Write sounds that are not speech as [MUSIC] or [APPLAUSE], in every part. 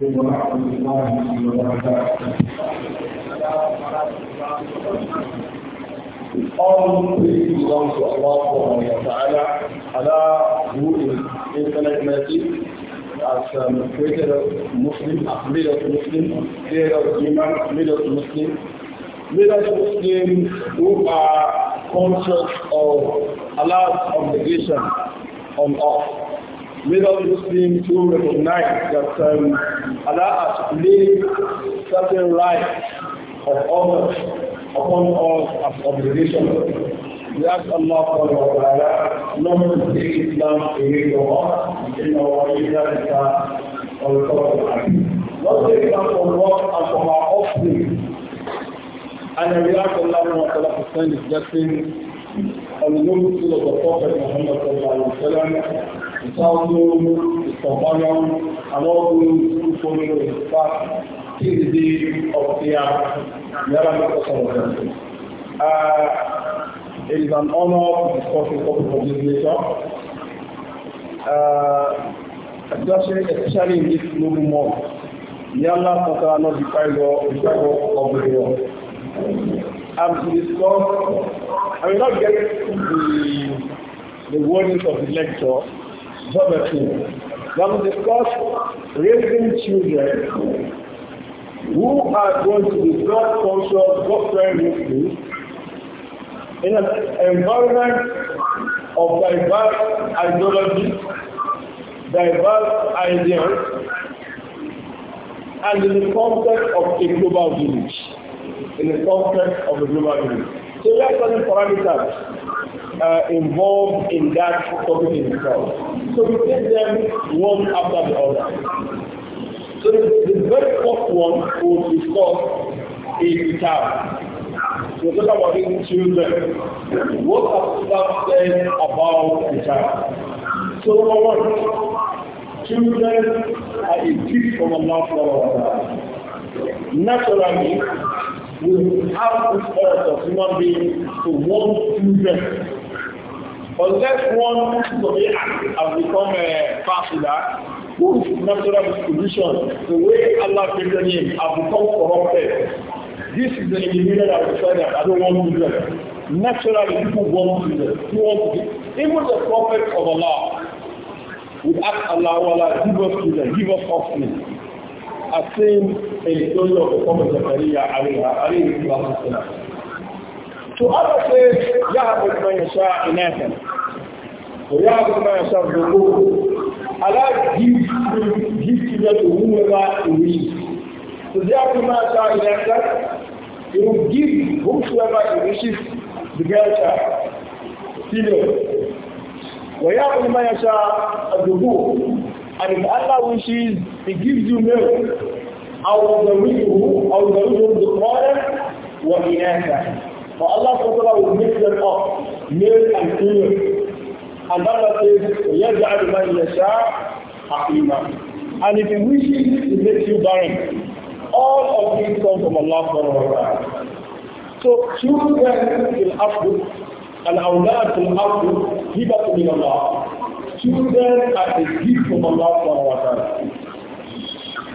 all praise belongs to Allah subhanahu wa ta'ala. Allah who is infinite mercy has um, created us Muslims who are conscious of Allah's obligation on us middle Muslims to recognize that um, Allah has laid certain rights of others upon us as obligation. We ask Allah subhanahu wa ta'ala not to take Islam away from us in our religious or culture. Not take Islam from us and from our offspring. And we ask Allah subhanahu wa ta'ala to send His blessing on the noble of the Prophet Muhammad sallallahu alaihi wasallam It is an honor to discuss the topic of this nature. Uh, especially, especially in this global month, Yalla Sata not the Kaigo, the of the world. And to discuss, I will not get the, the wordings of the lecture, Number two, now we discuss raising children who are going to be God conscious, God friendly in an environment of diverse ideology, diverse ideas, and in the context of a global village. In the context of a global village. So there are certain parameters uh, involved in that topic in itself. So we take them one after the other. So the, the very first one we'll discuss is child. So talk about the children. What has Islam said about the child? So number one, children are a gift from Allah subhanahu wa ta'ala naturally we have this urge of human beings to want children. Unless one today has become a fascinator, whose natural disposition, the way Allah created him, has become corrupted. This is the individual that decided, I don't want children. Naturally, people want children. People want to be. Even the prophet of Allah would ask Allah, Allah, give us children, give us offspring. الصين الدولة حكومة زكريا عليها عليه الصلاة والسلام تؤرخ يهبط من يشاء إناثا ويهبط من يشاء ذكورا ألا جبت لدهورا إليه فذهبت ما يشاء إناثا You give whomsoever he wishes the girl child, female. ويأخذ ما يشاء الذكور And if Allah wishes, He gives you milk. Out of the rihu, out of wa inaka. For Allah SWT will mix them up, milk and cream. And Allah says, يَجْعَلْ مَنْ يَشَاءَ حَقِيمًا And if He wishes, He makes you barren. All of these come from Allah SWT. So choose them in Afghan Al-awlad al give us the Allah. Children are the gift from Allah for our ta'ala.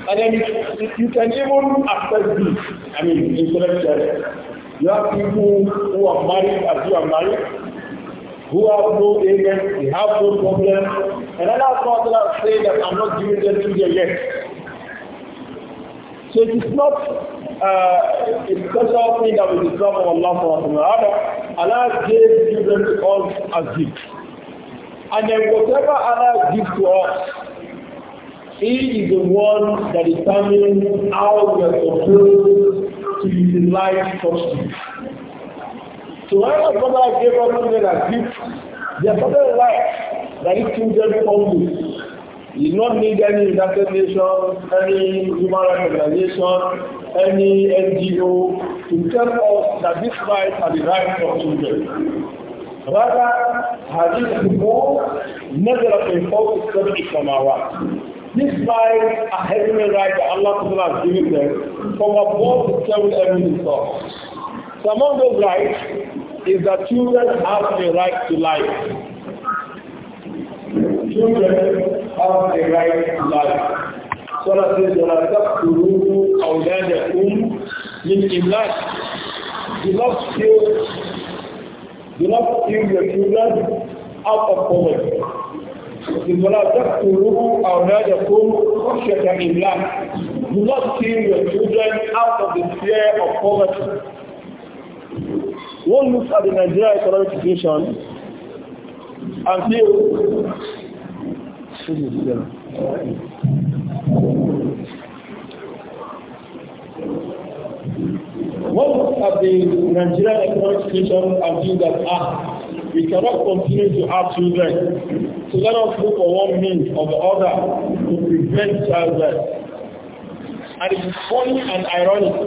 And then you can even access this, I mean, intellectually. You have people who are married as you are married, who have no ailments, they have no problem. And Allah subhanahu wa ta'ala say that I'm not giving them you yet. So it is not uh, a special thing that we deserve from Allah subhanahu wa ta'ala. Allah gave children to us as gifts. And then whatever Allah gives to us, He is the one that determines how we are supposed to utilize such gifts. So when Allah gave us children as gift, there are certain life that these children come with. You don't need any United Nations, any human rights organization, any NGO to tell us that these rights are the rights of children. Rather, has Hadith before, never been enforced itself from our These rights are heavenly right that Allah has given them from above the seven heavenly thoughts. So among those rights is that children have a right to life children have the right to life. Surah says, وَلَا تَقْتُلُوا أَوْلَادَكُمْ لِلْإِمْلَاقِ Do not kill, do not kill your children out of poverty. وَلَا تَقْتُلُوا أَوْلَادَكُمْ خَشْيَةَ إِمْلَاقِ Do not kill your children out of the fear of poverty. One looks at the Nigeria economic situation and feels شنو السبب؟ Most of the Nigerian economic situations are viewed ah, we cannot continue to have children. So let us look for one means or the other to prevent childbirth. And it is funny and ironic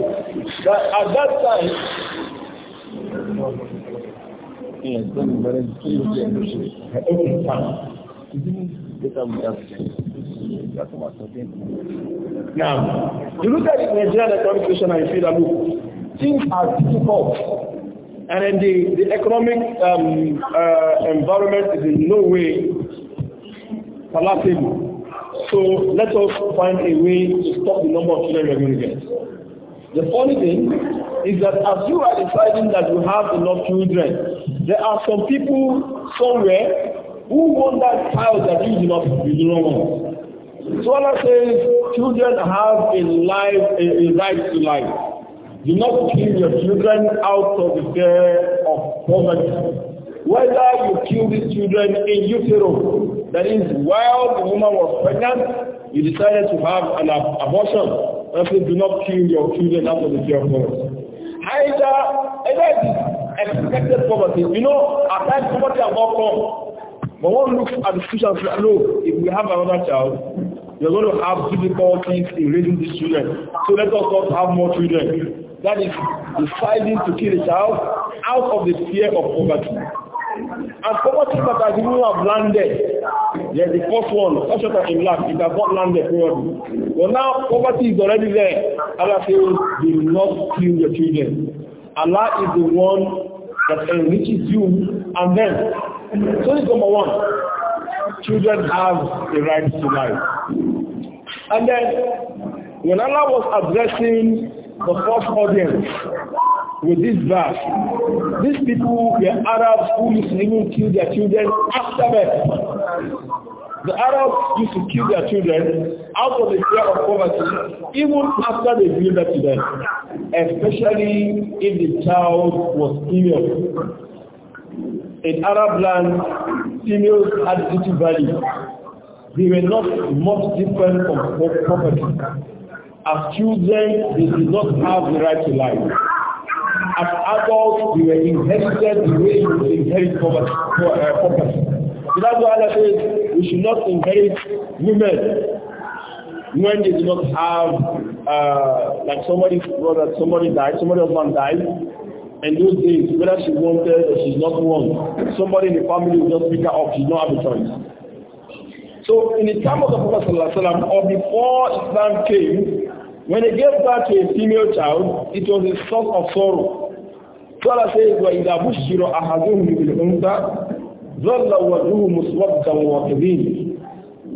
that at that time, yes, Now, you look at Nigerian economic situation and feel that look, things are difficult. And then the, the economic um, uh, environment is in no way palatable. So let us find a way to stop the number of children we are going to get. The funny thing is that as you are deciding that you have enough children, there are some people somewhere Who wonders how that you do not you do not want? So Allah says children have a life a, a right to life. Do not kill your children out of the fear of poverty. Whether you kill these children in utero, that is while the woman was pregnant, you decided to have an ab abortion. means do not kill your children out of the fear of poverty. Either, either it is expected poverty. You know, at times poverty has not come. But one looks at the future and says, no, if we have another child, you're going to have difficulties in raising these children. So let us not have more children. That is deciding to kill a child out of the fear of poverty. And poverty that has even have landed. Yes, the first one, such that in life? it has not landed probably. But now poverty is already there. Allah says, do not kill your children. Allah is the one that enriches you and them So this is number one. Children have the right to life. And then, when Allah was addressing the first audience with this verse, these people were Arabs who used to even kill their children after birth. The Arabs used to kill their children out of the fear of poverty, even after they delivered to them, especially if the child was female in Arab land, had little value, they were not much different from property. As children, they did not have the right to life. As adults, they were inherited the way you inherit property. Uh, property. So that's why I says we should not inherit women when they do not have, uh, like somebody's brother, somebody died, somebody's husband died, And those days, whether she wanted or she's not one, somebody in the family will just pick her up. She's not have a choice. So in the time of the Prophet ﷺ, or before Islam came, when they gave birth to a female child, it was a source of sorrow. So Allah says, Wa وَإِذَا بُشِّرَ أَحَدُهُمْ بِالْأُنْثَى ظَلَّ وَجْهُهُ مُسْوَدًّا وَكَذِيمًا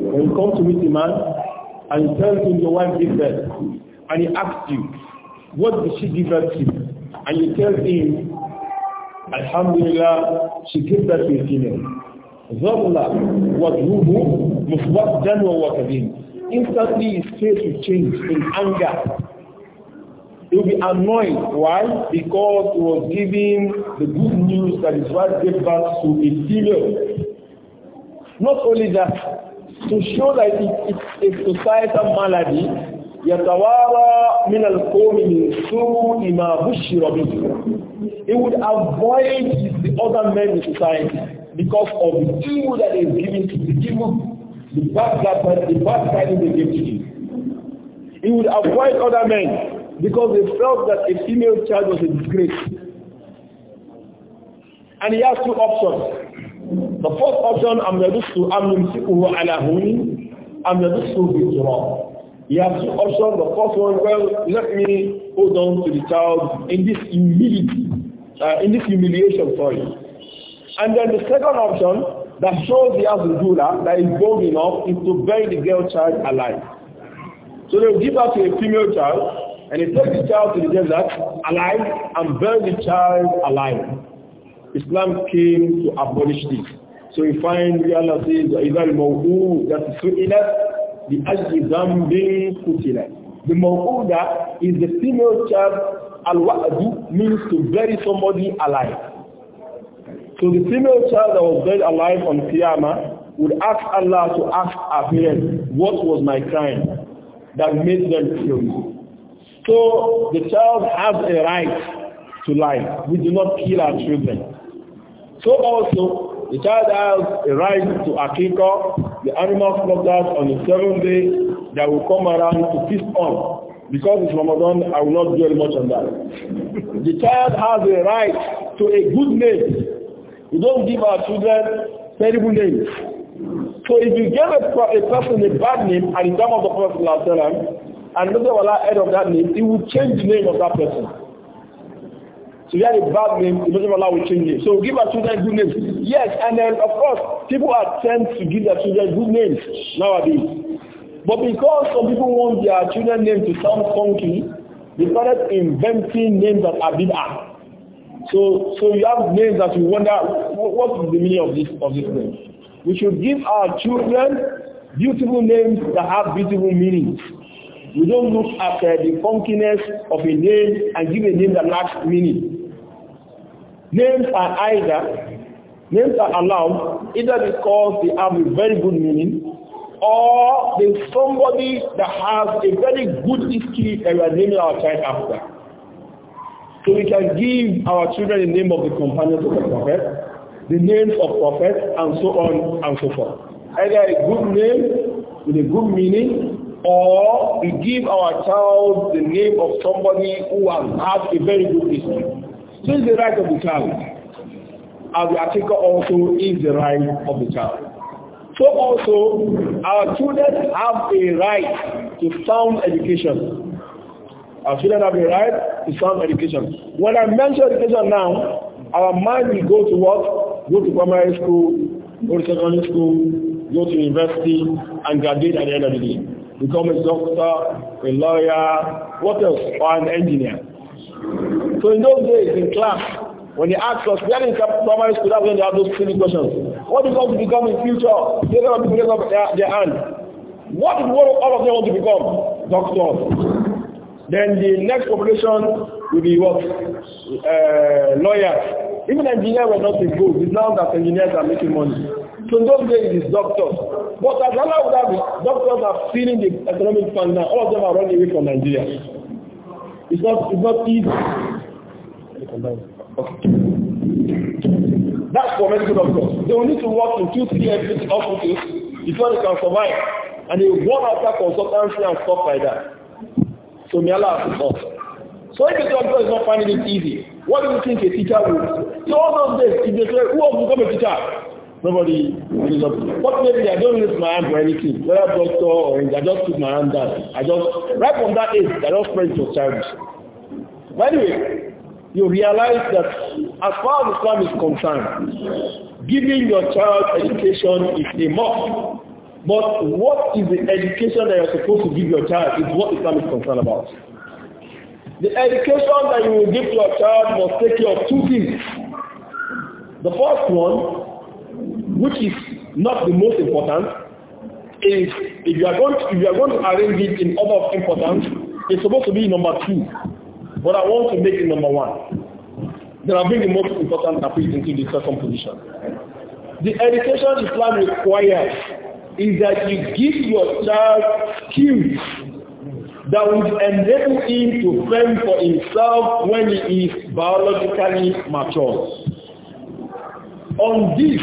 When you come to meet a man and he tells him your wife gave birth, and he asks you, what did she give birth to? and you tell him, Alhamdulillah, she gave that to a female. Zabla, what rubu, mufwat janwa wa kadim. Instantly his face will change in anger. He will be annoyed. Why? Because he was giving the good news that his wife gave birth to a female. Not only that, to show that it, it's a societal malady, yatawara min al-qawmi min su'i ma bushira bihi he would avoid the other men in society because of the evil that is given to the evil the bad that the bad tidings they gave to him he would avoid other men because they felt that a female child was a disgrace and he has two options the first option am yadussu am yumsikuhu ala hunin am yadussu bi turab He has two options. The first one, well, let me hold on to the child in this humility, uh, in this humiliation, sorry. And then the second option that shows he has a ruler that is bold enough is to bury the girl child alive. So they will give her to a female child and he takes the child to the desert alive and bury the child alive. Islam came to abolish this. So you find Allah says, more الْمَوْءُ that is sweetness the Ajizambe Kutila. The Mawuda is the female child Alwaadu means to bury somebody alive. So the female child that was buried alive on Qiyamah would ask Allah to ask her parents, what was my crime that made them kill me? So the child has a right to life. We do not kill our children. So also, the child has a right to Akikah, the animal slaughtered on the seventh day that will come around to feast on. Because it's Ramadan, I will not dwell much on that. the child has a right to a good name. We don't give our children terrible names. So if you give a, a person a bad name at the time of the Prophet and another Allah head of that name, it will change the name of that person. So that is bad name, the Muslim Allah will change it. So give our children good names. Yes, and then of course, people are tend to give their children good names nowadays. But because some people want their children name to sound funky, they started inventing names that are bid'ah. So, so you have names that you wonder, what is the meaning of this, of this name? We should give our children beautiful names that have beautiful meanings. We don't look at uh, the funkiness of a name and give a name that lacks meaning. Names are either, names are allowed either because they have a very good meaning or there's somebody that has a very good history that we are naming our child after. So we can give our children the name of the companions of the prophet, the names of prophets, and so on and so forth. Either a good name with a good meaning or we give our child the name of somebody who has had a very good history. So the right of the child. And the article also is the right of the child. So also, our children have a right to sound education. Our children have a right to sound education. When I mention education now, our mind will go to what? Go to primary school, go to secondary school, go to university, and graduate at the end of the day. Become a doctor, a lawyer, what else? Or an engineer. So in those days in class, when they asked us, we are in primary school, that's when they have those silly questions. What do you want to become in future? They don't people raise up their, their hand. What do all of them want to become? Doctors. Then the next population will be what? Uh, lawyers. Even engineers were not improved. It's now that engineers are making money. So in those days, it's doctors. But as Allah would have it, doctors are feeling the economic fund now. All of them are running away from Nigeria. It's not, it's not easy. That's for medical doctors. They will need to work in two, three and every hospitals before they can survive. And they run after consultancy and stuff like that. So may Allah assist us. So if a doctor is not finding it easy, what do you think a teacher will? So all those days, if they say, who will become a teacher? Nobody is up. But maybe I don't use my hand for anything, whether doctor or anything. I just put my hand down. I just, right from that age, I just pray to By the anyway, you realize that as far as Islam is concerned, giving your child education is a must. But what is the education that you're supposed to give your child is what Islam is concerned about. The education that you will give to your child must take care of two things. The first one which is not the most important, is if you are going to, if you are going to arrange it in order of importance, it's supposed to be number two. But I want to make it number one. Then I bring the most important topic into the second position. The education plan requires is that you give your child skills that would enable him to fend for himself when he is biologically mature. On this,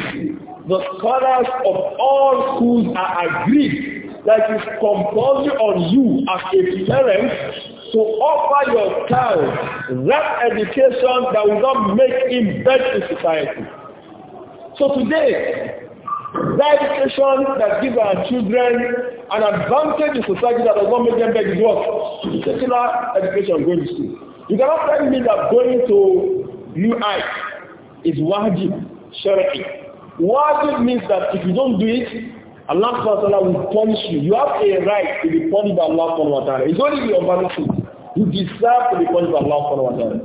the scholars of all schools are agreed that it's compulsory on you as a parent to offer your child that education that will not make him better in society. So today, that education that gives our children an advantage in society that does not make them beg is what? Secular education going to school. You cannot tell me that going to New Heights is wajib, shari'i. Wajib means that if you don't do it, Allah subhanahu will punish you. You have a right to be punished by Allah subhanahu wa ta'ala. It's only your vanity. You deserve to be punished by Allah subhanahu wa ta'ala.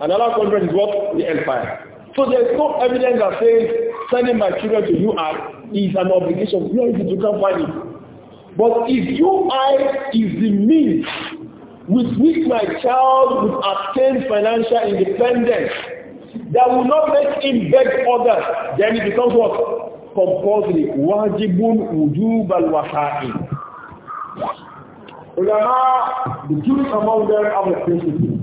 And Allah punishment is what? The empire. So there's no evidence that says sending my children to you is an obligation. Where is it? You can't find it. But if you UI is the means with which my child would attain financial independence, that will not make him beg others, then it becomes what? Compulsory. Wajibun wujubal waha'i. Ulama, the truth among them have the principle.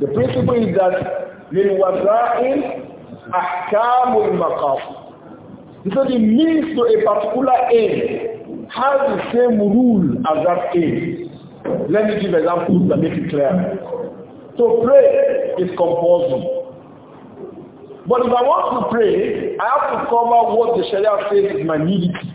The principle is that min wasa'il ahkamul maqaf. Because the means to a particular aim has the same rule as that aim. Let me give examples that make it clear. So pray is compulsory. But if I want to pray, I have to cover what the Sharia says is my nudity.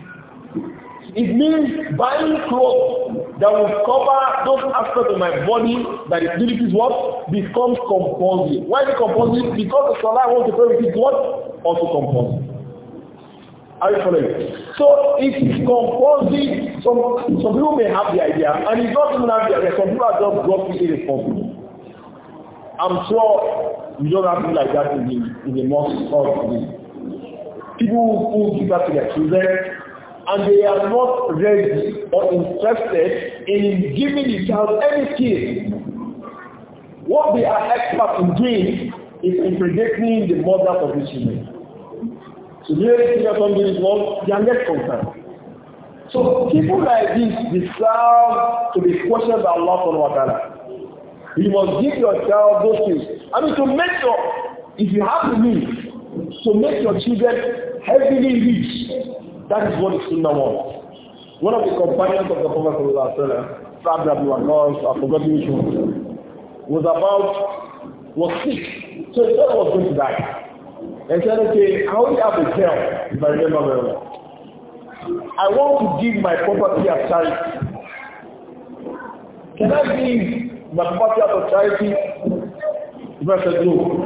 It means buying clothes that will cover those aspects of my body that is nudity is what? Becomes compulsory. Why is it compulsory? Because the Salah wants to pray with what? Also compulsory. Are you following? So it is compulsory. Some, some people may have the idea, and it's not even have the idea. Some people are just roughly irresponsible. I'm sure you don't have to be like that in the, in the mosque or the people who give that to their children and they are not ready or interested in giving the child anything. What they are expert in doing is in impregnating the mothers of the children. So really think on this one, they are less concerned. So people like this deserve to be questioned by Allah subhanahu wa ta'ala. You must give your child those things. I mean, to make your, if you have the means, to make your children heavily rich, that is what the Sunnah wants. One of the companions of the Prophet Sabri Abdul Anas, I forgot which one, was about, was sick. So he thought he was going to die. And said, okay, I only have a girl, if I remember very well. I want to give my property as charity. Can I give mathematics of charity, verse no.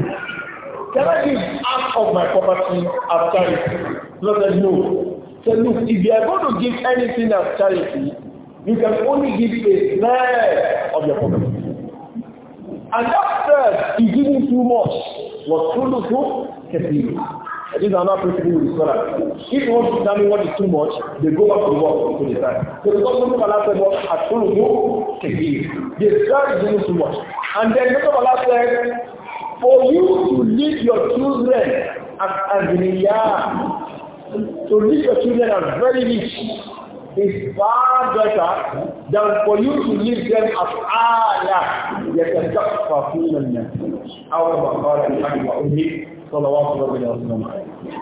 Can I give half of my property as charity? Lord said, no. Said, look, if you are going to give anything as charity, you can only give a third of your property. And that third, is giving too much, was too little, kept These are not principles with scholars. If you want to tell me what is too much, they go back to work to the time. So because Muslim Allah said what has full of takbir. The Israel is doing too much. And then the of Allah said, for you to lead your children as Anzaniyah, to lead your children as very rich, is far better than for you to lead them as ayah. يتكففون الناس. أو ما قال الحق وأمه He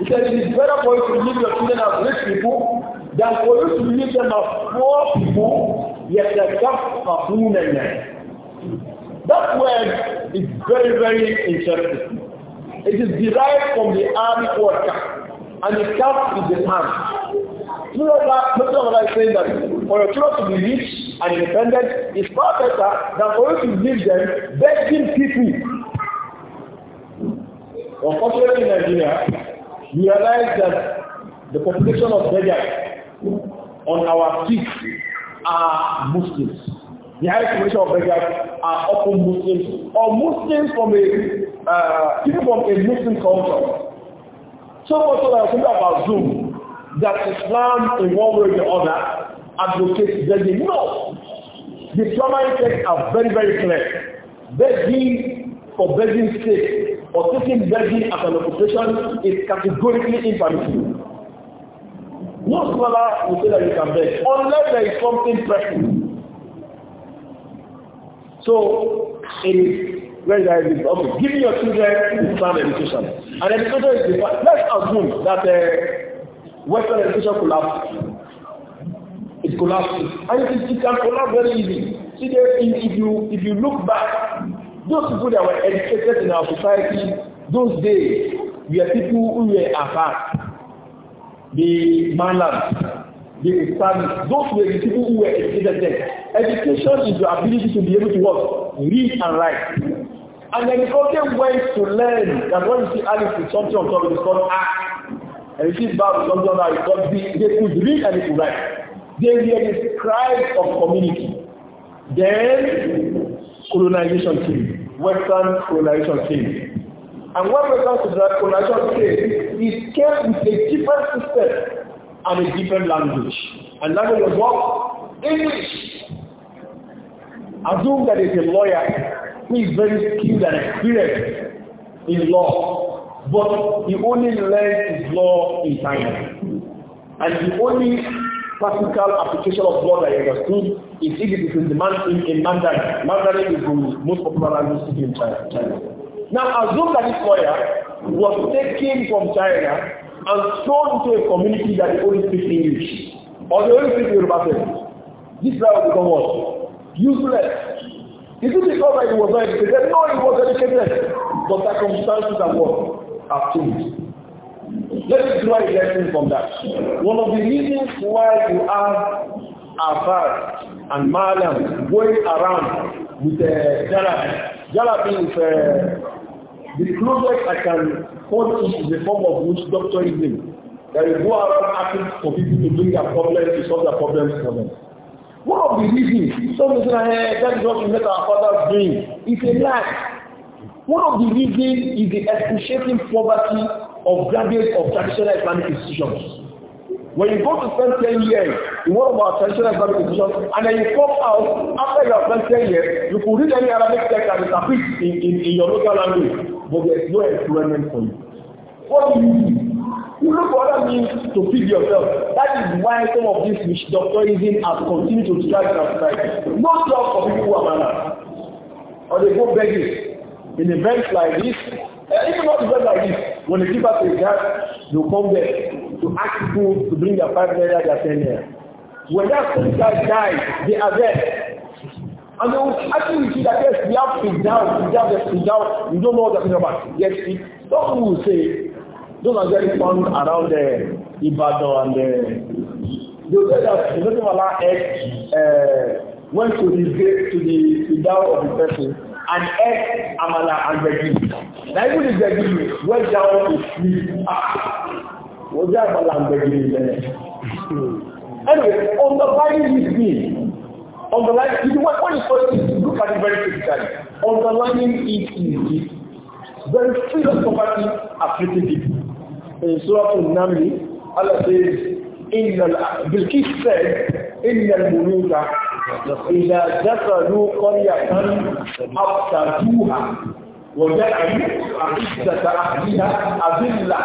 said, it is better for you to leave your children as rich people than for you to leave them as poor people, yet the gap are women. That word is very, very interesting. It is derived from the Arabic word and it comes with the hand. You know that, most of us saying that for your children to be rich and independent is far better than for you to leave them begging people Unfortunately, in Nigeria, we realize that the population of beggars on our streets are Muslims. The high population of beggars are often Muslims or Muslims from a uh, people from a Muslim culture. So much so that I was thinking about Zoom that Islam in one way or the other advocates begging. No, the trauma effects are very very clear. Begging for begging sake or taking begging as an occupation is categorically impermissible. No scholar will say that you can beg unless there is something pressing. So it is very very Okay, give your children Islam education. And education is defined. Let's assume that uh, Western education collapses. It collapses. And it, it can collapse very easily. See, if you if you look back Those people that were educated in our society, those days, were people who were apart, the manland, the Islamic, those were the people who were educated then. Education is your ability to be able to work, read and write. And then the only way to learn that when you see Alice with something on top, it's called act. And you see Bob with something on top, it's called B. They could read and they could write. They were the scribes of community. Then colonization came. Western colonization came. And what to that colonization came, it came with a different system and a different language. And that was what? English. Assume that is a lawyer who is very skilled and experienced in law, but he only learned his law in China. And he only practical application of that I understood is if it is in demand in, in Mandarin. Mandarin is the most popular language speaking in China, China. Now, assume that this lawyer was taken from China and thrown into a community that only speaks English or the only speak Yoruba This lawyer will become what? Useless. Is it because that he was not educated? No, he was educated. But circumstances are what have changed. Let's draw a lesson from that. One of the reasons why you have Afar and Malam going around with uh, Jalabi. Jalabi is uh, the closest I can quote in the form of which doctor doctorism. That you go around asking for people to bring their problems, to solve their problems for them. One of the reasons, some people say, eh, that is what we make our fathers doing. It's a lie. One of the reasons is the excruciating poverty of graduates of traditional Islamic institutions. When you go to spend 10 years in one of our traditional Islamic institutions, and then you come out after you have spent 10 years, you could read any Arabic text and interpret in, in, in your local language, but there's no employment for you. What do you do? You look for other means to feed yourself. That is why some of this which doctorism has continued to strike in our society. No job for people who are malnourished. Or they go begging. In events like this, Even not just like this, when the keeper says that, they'll come there to ask people to bring their five naira, their ten naira. When that soldier dies, they are there. And they will actually see that yes, we have to down, we have to down, we don't know what they're talking about. Yes, it, some will say, those are very found around the Ibadan and the, they'll say that the eh, Prophet Allah went to the grave, to the, to the down of the person, and ate amala and gbegiri. Now even the gbegiri went down to sleep. Ah, was there amala and gbegiri there? anyway, underlining his being, underlining, you what is first look at it very critically. Underlining it is the very serious poverty afflicting people. In Surah Al-Namli, Allah says, in the, Bilqis said, in the Munuka, إذا دخلوا قرية أفسدوها وجعلوا عزة أهلها أذلة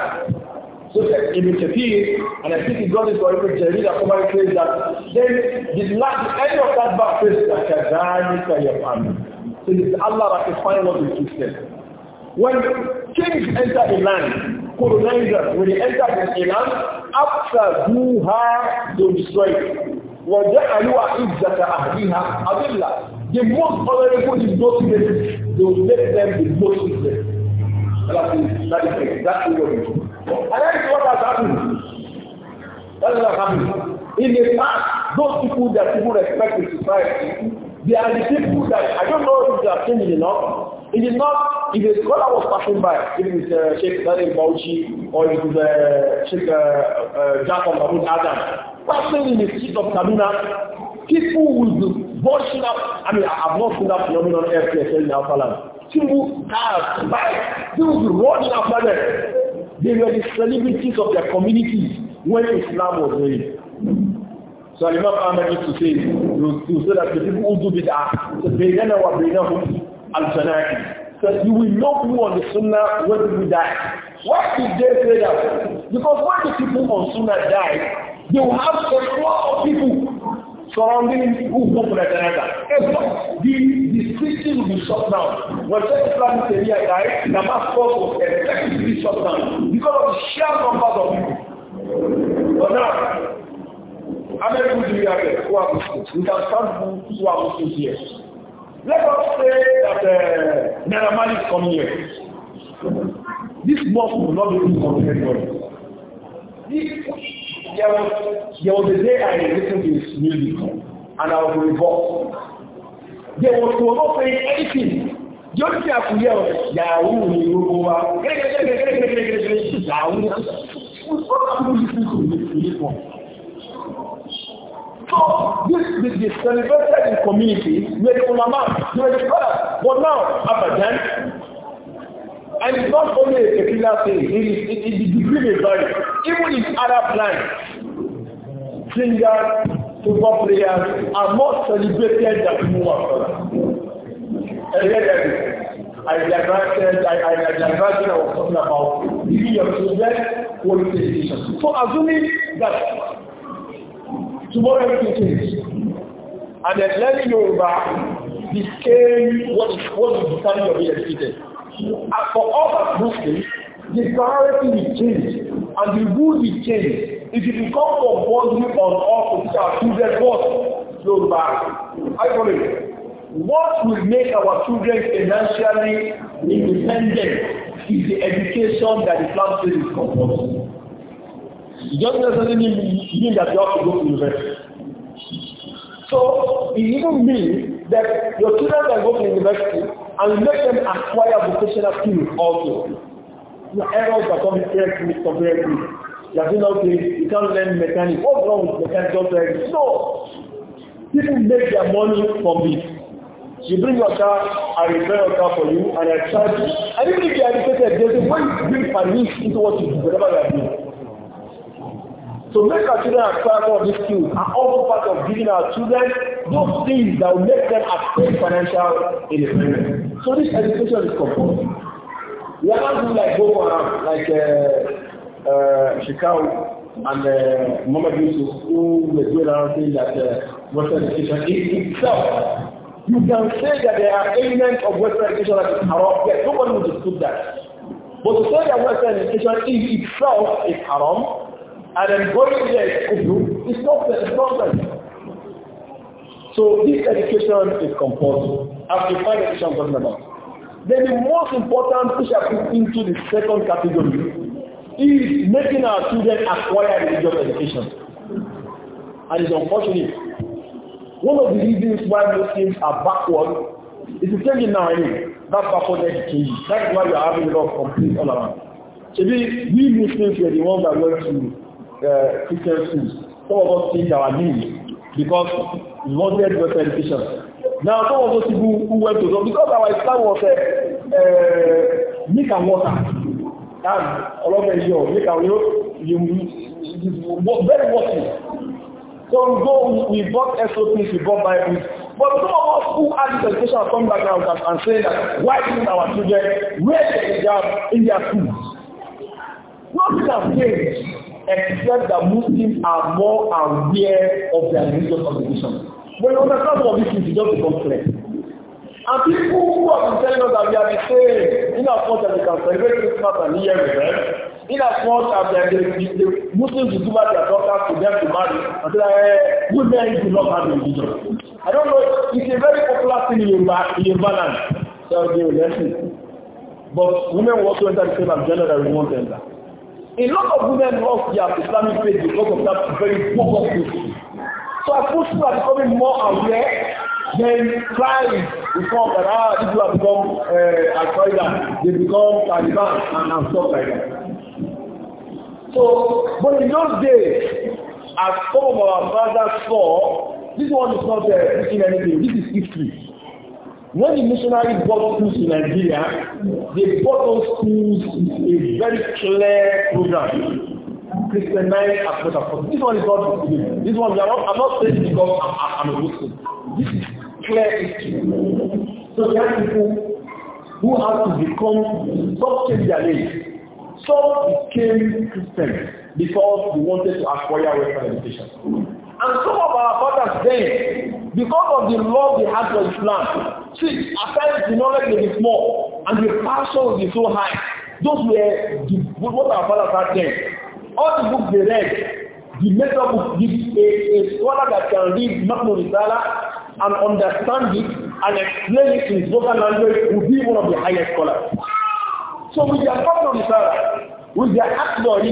So that Ibn Kathir, and I think it got it for Ibn Jarir, somebody says that then the last, the end of that back says, your family. So it's Allah that can find what we keep saying. When kings enter a land, colonizers, when they enter a land, after Duha, they destroy وجعلوا عزة أهلها أذلة The most honorable is those men, they will make them the most useless. That is, exactly what it is. And that is what has happened. That is what happened. In the past, those people that people respect in society, they are the people that, I don't know if they are changing enough. It is not, if a scholar was passing by, if it is uh, Sheikh Zalim Bauchi or it is uh, Sheikh uh, uh, Jacob Mahmoud Adam, passing in the streets of Kaduna, people will be washing up. I mean, I have not seen that phenomenon elsewhere in our land. People, cars, bikes, they will be running after them. They were the celebrities of their communities when Islam was reign. So I Imam Ahmed used to say, you say that the people who do bid'ah, بيننا وبينهم الجنائز that you will not move on the sunnah when people die. Why did they say that? Because when the people on sunnah die, You have a lot of people surrounding who go for the janaza. If the, the Christian will be shut down. When the Islam is here, guys, the mass expected to effectively shut down because of the sheer number of people. But now, how many people do we have here who are Muslims? We can count who are Muslims here. Let us say that uh, Naraman is coming here. This mosque will not be able to contain everybody there was, there was a day I listened to his music and I was revolted. There was no not saying anything. The only thing I could hear was, Yahoo, Yoruba, Yahoo. What happened to listen to this one? So, this, is this celebrated in community, where the ulama, where the Father. but now, Abadan, And it's not only a particular thing, it is it, it, the degree may Even if Arab lands, singers, football players are more celebrated than people who are foreigners. I diverted, I, I, I diverted, I was talking about giving your children quality education. So assuming that tomorrow everything changes, and then learning the scale. what is what is becoming of your educated. As for all Muslims, the priority will change and the rule will change. If it becomes compulsory on all to teach our children what? Yoruba. I believe. What will make our children financially independent is the education that Islam says is compulsory. It doesn't necessarily mean that you have to go to university. So it even means that your children can go to university and make them acquire vocational skills also. The errors that come here to Mr. Gregory. You are saying, okay, you can't learn mechanics. What's wrong with mechanical driving? No. People make their money from me. You bring your car, I repair your car for you, and I charge you. And even if you are educated, there's a way to bring finance into what you do, whatever you are doing. So make our children acquire some of these skills and also part of giving our children those things that will make them attain financial independence. So this education is compulsory. We are not doing like Boko Haram, like uh, uh, Chicago and uh, Muhammad Yusuf, who was going around saying that uh, Western education is itself. You can say that there are elements of Western education that is haram. Yes, nobody will dispute that. But to say that Western education is itself is haram, and then going there Kudu is not the problem. So this education is compulsory. after the find education talking about. Then the most important push I put into the second category is making our children acquire religious education. And it's unfortunate. One of the reasons why those things are backward is the same now anyway. That's backwardness is That is why we are having a lot of complaints all around. So we Muslims were the ones that went to Uh, Christian schools. Some of us changed our name because we wanted better education. Now some of those people who went to them because our Islam was uh, uh, milk and water and ọlọ́pàá ẹ̀yọ́ milk and water you you very worthy. So we go we bought SOPs we bought Bibles but some of us who had this education come back now and, and say that why didn't our children wear their in their schools? Nothing has changed except that Muslims are more aware of their religious obligation. When you understand of this is, it just become clear. And people who have been telling us that we are the same, in as much as we can celebrate Christmas and New Year with them, in as much as they, they, they, the Muslims do give out their daughters to them to marry, and say, eh, women do not have religion. I don't know, it's a very popular thing in Yoruba, in Yoruba land. So they will let it. But women will also enter the same agenda that we want to enter. A lot of women lost their Islamic faith because of that very poor issue. So as people are becoming more aware, then crying become that ah people have become uh, Al Qaeda, they become Taliban and, and stuff like that. So, but in those days, as some of our fathers saw, this one is not uh, teaching anything. This is history. When the missionaries bought schools in Nigeria, they brought those schools a very clear program. Christianized approach of This one is not this one. I'm not, I'm not saying because I'm, I'm a Muslim. This is clear history. So there are people who have to become some change their name. Some became Christian because they wanted to acquire Western education. And some of our fathers then, because of the love they had for Islam, see, at times the knowledge may be small and the passion will be so high. Those were the, what our fathers had then. All the books they read, the method book gives a, a scholar that can read Magna Risala and understand it and explain it in his local language will be one of the highest scholars. So with the Magna Risala, wúdíà akpọ̀rí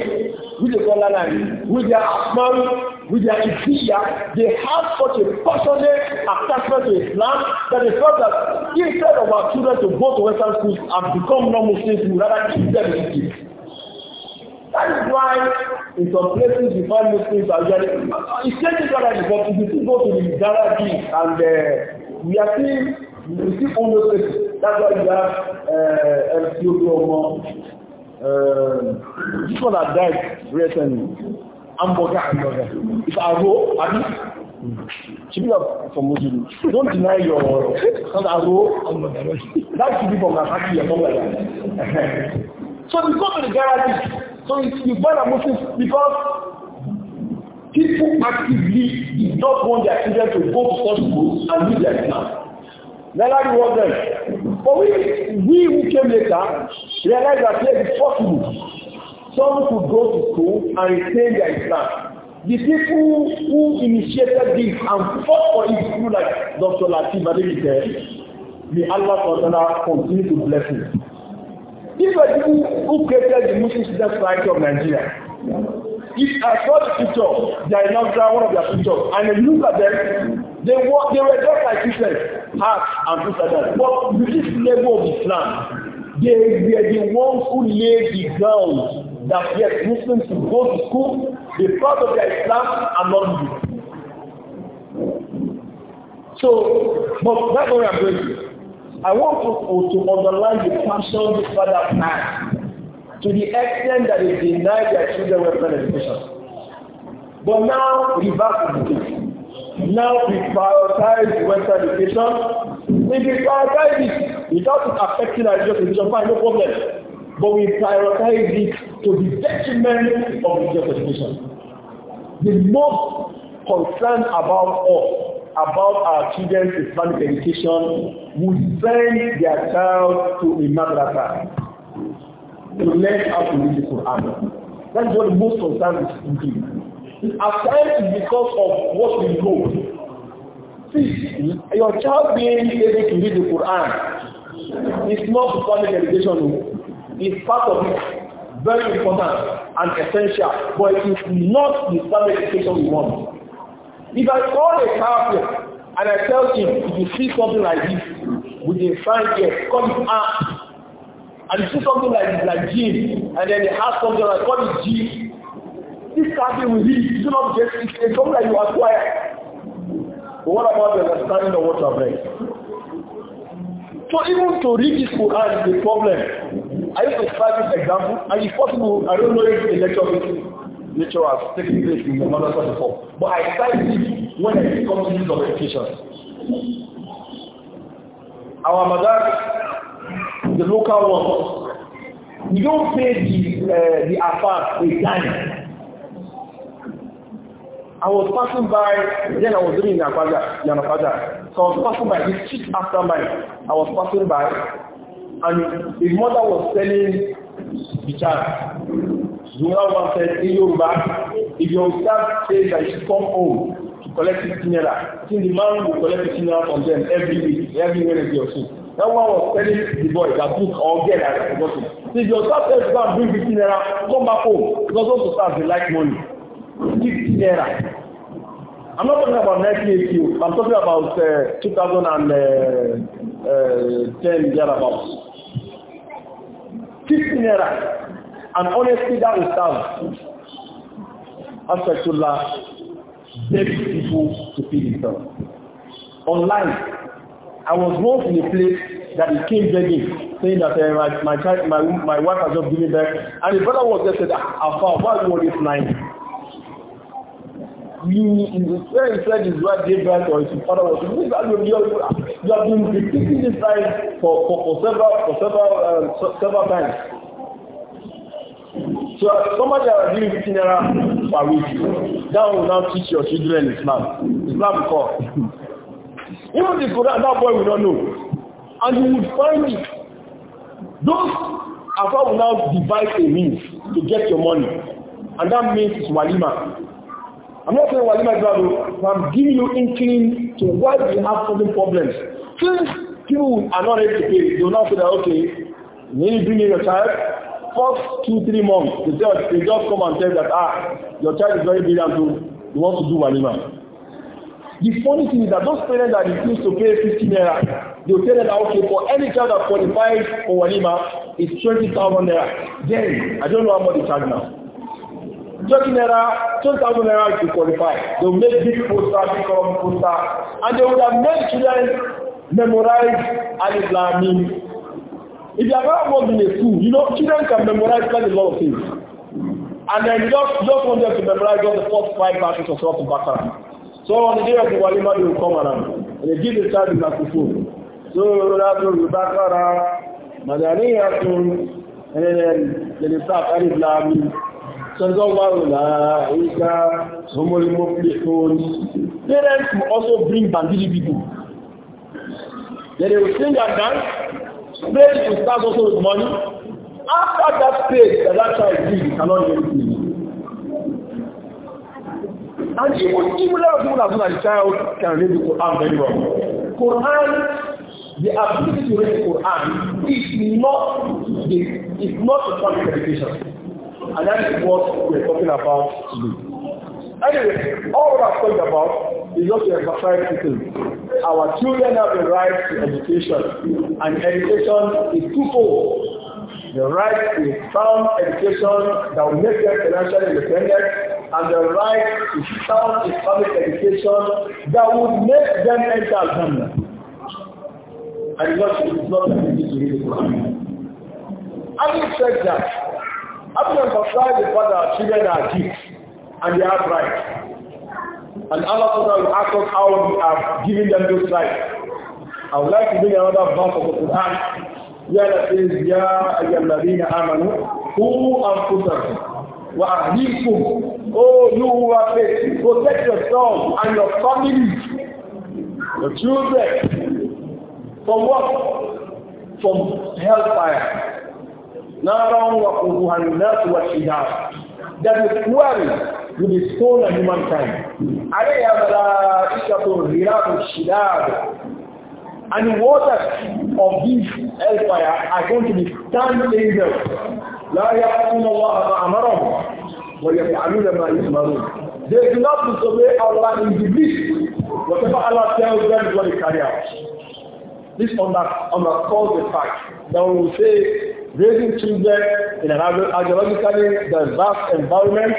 wúdíà kọ́lánàrí wúdíà akpọ̀rí wúdíà ìfìyà they have such a personal attachment to Islam that they felt that instead of our children to go to Western schools and become non-Muslims we rather keep them in Egypt. That is why in some places you find Muslims are usually it's taking Ghana because if you still go to the Ghana beach and uh, we are still we still own those places that's why we have uh, LCO promo uh, this one that died recently, hamburger, hamburger. It's arrow, I mean, should be up for Muslim. Don't deny your, not arrow, hamburger. That should be from Nasaki or something like [LAUGHS] so we go to the garage, so it's you buy a Muslim because people actively do not want their children to go to such schools and do their Islam. Neither reward them. But we, we who came later realized that there is possible. Some could go to school and retain their Islam. The people who initiated this and fought for it, people like Dr. Latif Adebite, may Allah continue to bless him. These were people who created the Muslim Student Society of Nigeria. If I saw the picture, they their inaugural one of their pictures, and I look at them, they were, they were just like Christians heart and things like that. But with this level of Islam, they were the ones who laid the ground that yes, Muslims should go to school, be part of their Islam and not do. So, but that's what I'm going to. I want people to, to underline the passion this father had to the extent that they denied their children welfare education. But now, reverse the case now we prioritize Western education. If we prioritize it without it affecting our education, fine, no problem. But we prioritize it to the detriment of religious education. The most concern about us, about our children's Islamic education, would send their child to a madrasa to learn how to read the Quran. That's what the most concern is do. Aside is because of what we know. See, your child being able to read the Quran is not becoming education. It's part of it. Very important and essential, but it is not the standard education we want. If I call a child and I tell him, if you see something like this with a sign here, call it app, and you see something like like gene, and then it has something like call it G, This starting with this, do not just it's a job that you acquire. But what about the understanding of what you have read? So even to read this Quran is a problem. I used to start this example, and if possible, I don't know if the lecture lecture has taken place in the mother before, but I cite it when I come to this of education. Our mother, the local one, we don't pay the uh, the affairs a dime I was passing by, then I was doing Yanapada, Yanapada. So I was passing by, this chief after mine, I was passing by, and his mother was telling the child, Zura wanted in back, if your staff says that you should come home to collect his naira, since the man will collect his naira from them every week, every Wednesday or so. That one was telling the boy that book or get that I forgot If your staff says go and bring the naira, come back home because those staff they like money. Fifteen naira I'm not talking about 1980. I'm talking about uh, 2010 uh, uh, thereabouts. Keep Six naira. And honestly, that will serve Aspectullah begging people to feed themselves. Online, I was once in a place that it came begging, saying that uh, my, my, child, my, my wife has just given birth. And the brother was there said, ah, Alpha, why are you this line? you in the prayer he said his wife gave birth or his father was sick. That would be you have been repeating this time for, for, for several for several um, several times. So as somebody that was doing funeral per week, that will now teach your children Islam. Islam call. Even the Quran, that boy will not know. And you would find it. Those Afa will now devise a means to get your money. And that means it's walima. I'm not saying Walima Grado, but I'm giving you inkling to why we have certain problems. Since people are not able to pay, they will now say that, okay, when you bring in your child, first two, three months, they, tell, they just come and tell that, ah, your child is very brilliant, so you want to do Walima. The funny thing is that those parents that refuse to pay 50 naira, they will tell them that, okay, for any child that qualifies for Walima, it's 20,000 naira. Then, I don't know how much they charge now. Just naira, 2000 naira to qualify. They'll make big poster, big column poster. And they would have made children memorize Alif Lamim. If you have ever worked in a school, you know, children can memorize quite a lot of things. And then just, just want them to memorize just the first five verses of Surah to Bakara. So on the day of the Walima, they will come around. And they give the child the microphone. So that's the Bakara, Madaniyatun, and then, then they start Alif Lamim. Sanzo Warula, Ika, Somolimo Plifon. Parents will also bring bandit people. Then they will sing and dance. Praise will start also with money. After that stage that that child did, you cannot do anything. And even if a lot of people that child can read the Quran very well. Quran the ability to read the Quran is not the is not a public education. And that is what we are talking about today. Anyway, all we have talked about is just to emphasize two things. Our children have the right to education, and education is twofold. The right to sound education that will make them financially independent, and the right to sound Islamic education that will make them enter Alhamdulillah. And it's not, it's not that easy to read the Quran. Having said that, have After emphasize the fact that children are gifts and they have rights. And Allah Ta'ala will ask us how we are giving them those rights. I would like to bring another verse of the Quran where it says, Ya ayyalladina amanu, who are anfusakum wa ahlikum. Oh, you who are faithful, protect yourselves and your family, your children, from what? From hellfire naran wa quduha an-nas wa shijar that is quarry will be stone and humankind alayha malaikatun ghilazun shidad and the waters of this hellfire are going to be stand angels la yaqulun Allah ma amarahum wa yaf'aluna ma yusmarun they do not disobey Allah in the least whatever Allah tells them is what they carry out this underscores the fact that we will say raising children in an ideologically diverse environment,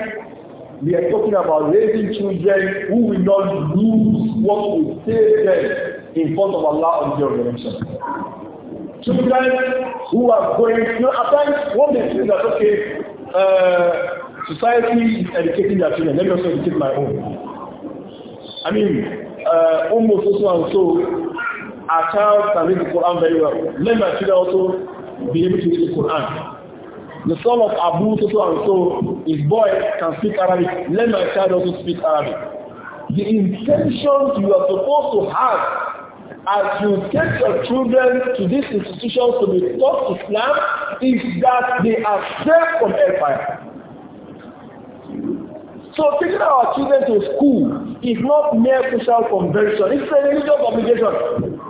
we are talking about raising children who will not lose what will save them in front of Allah on the resurrection. Children who are going, you know, at times one may think that, okay, uh, society is educating their children, let me also educate my own. I mean, uh, almost umm also and so, a child can read the Quran very well. Let my children also be able to read the Quran. The son of Abu Toto and so, his boy can speak Arabic. Let my child also speak Arabic. The intentions you are supposed to have as you take your children to these institutions to be taught Islam is that they are safe from hellfire. So taking our children to school is not mere social convention. It's a religious obligation.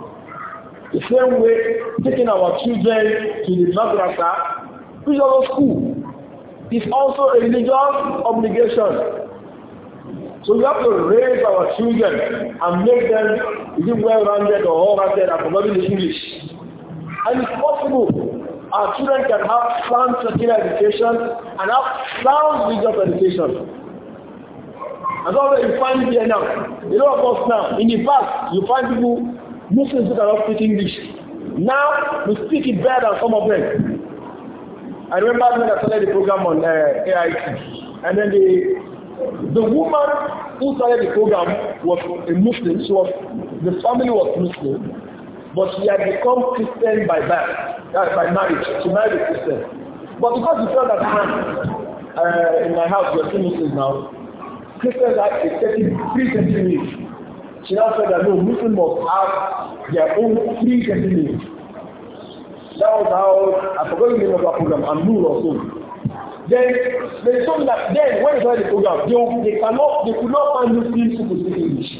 The same way, taking our children to the madrasa, religious school, is also a religious obligation. So we have to raise our children and make them live well-rounded or all-rounded and promoting the English. And it's possible our children can have sound secular education and have sound religious education. And so you find here now, a lot of us now, in the past, you find people Muslims who cannot speak English. Now, we speak it better than some of them. I remember when I started the program on uh, AIT, and then the, the woman who started the program was a Muslim, she was, the family was Muslim, but she had become Christian by birth, uh, by marriage. She married a Christian. But because she felt that man ah, uh, in my house, we are still Muslims now, Christians are taking three centuries She now said that no, Muslim must have their own free continuity. That was how, I forgot the name of that program, Amnur or so. Then they told that then when they started the program, they, they cannot, they could not find Muslims who could speak English.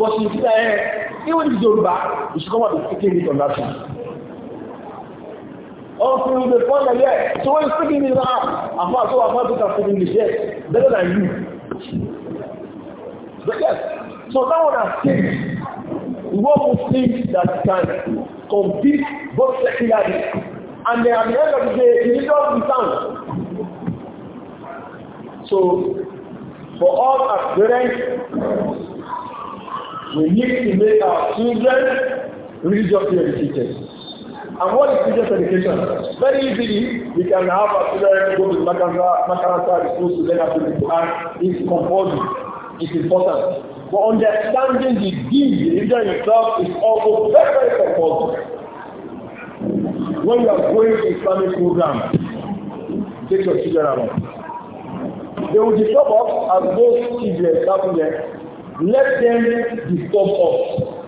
But she said, eh, even if you back, you should come out and speak English on that time. Also, the point of yes. So when speaking in the app, I'm not so I'm not speaking English, yes, better than you. But yes, So that one has seen what Muslims that can compete both secularly and then at the end of the day, religion will sound. So for all our parents, we need to make our children religiously educated. And what is religious education? Very easily, we can have our children go to Makaranta, Makaranta, school to learn how to Quran. It's compulsory. It's important. But understanding the deed religion itself is also very, very important. When you are going to Islamic program, take your children along. They will disturb us as those children starting there. Let them disturb us.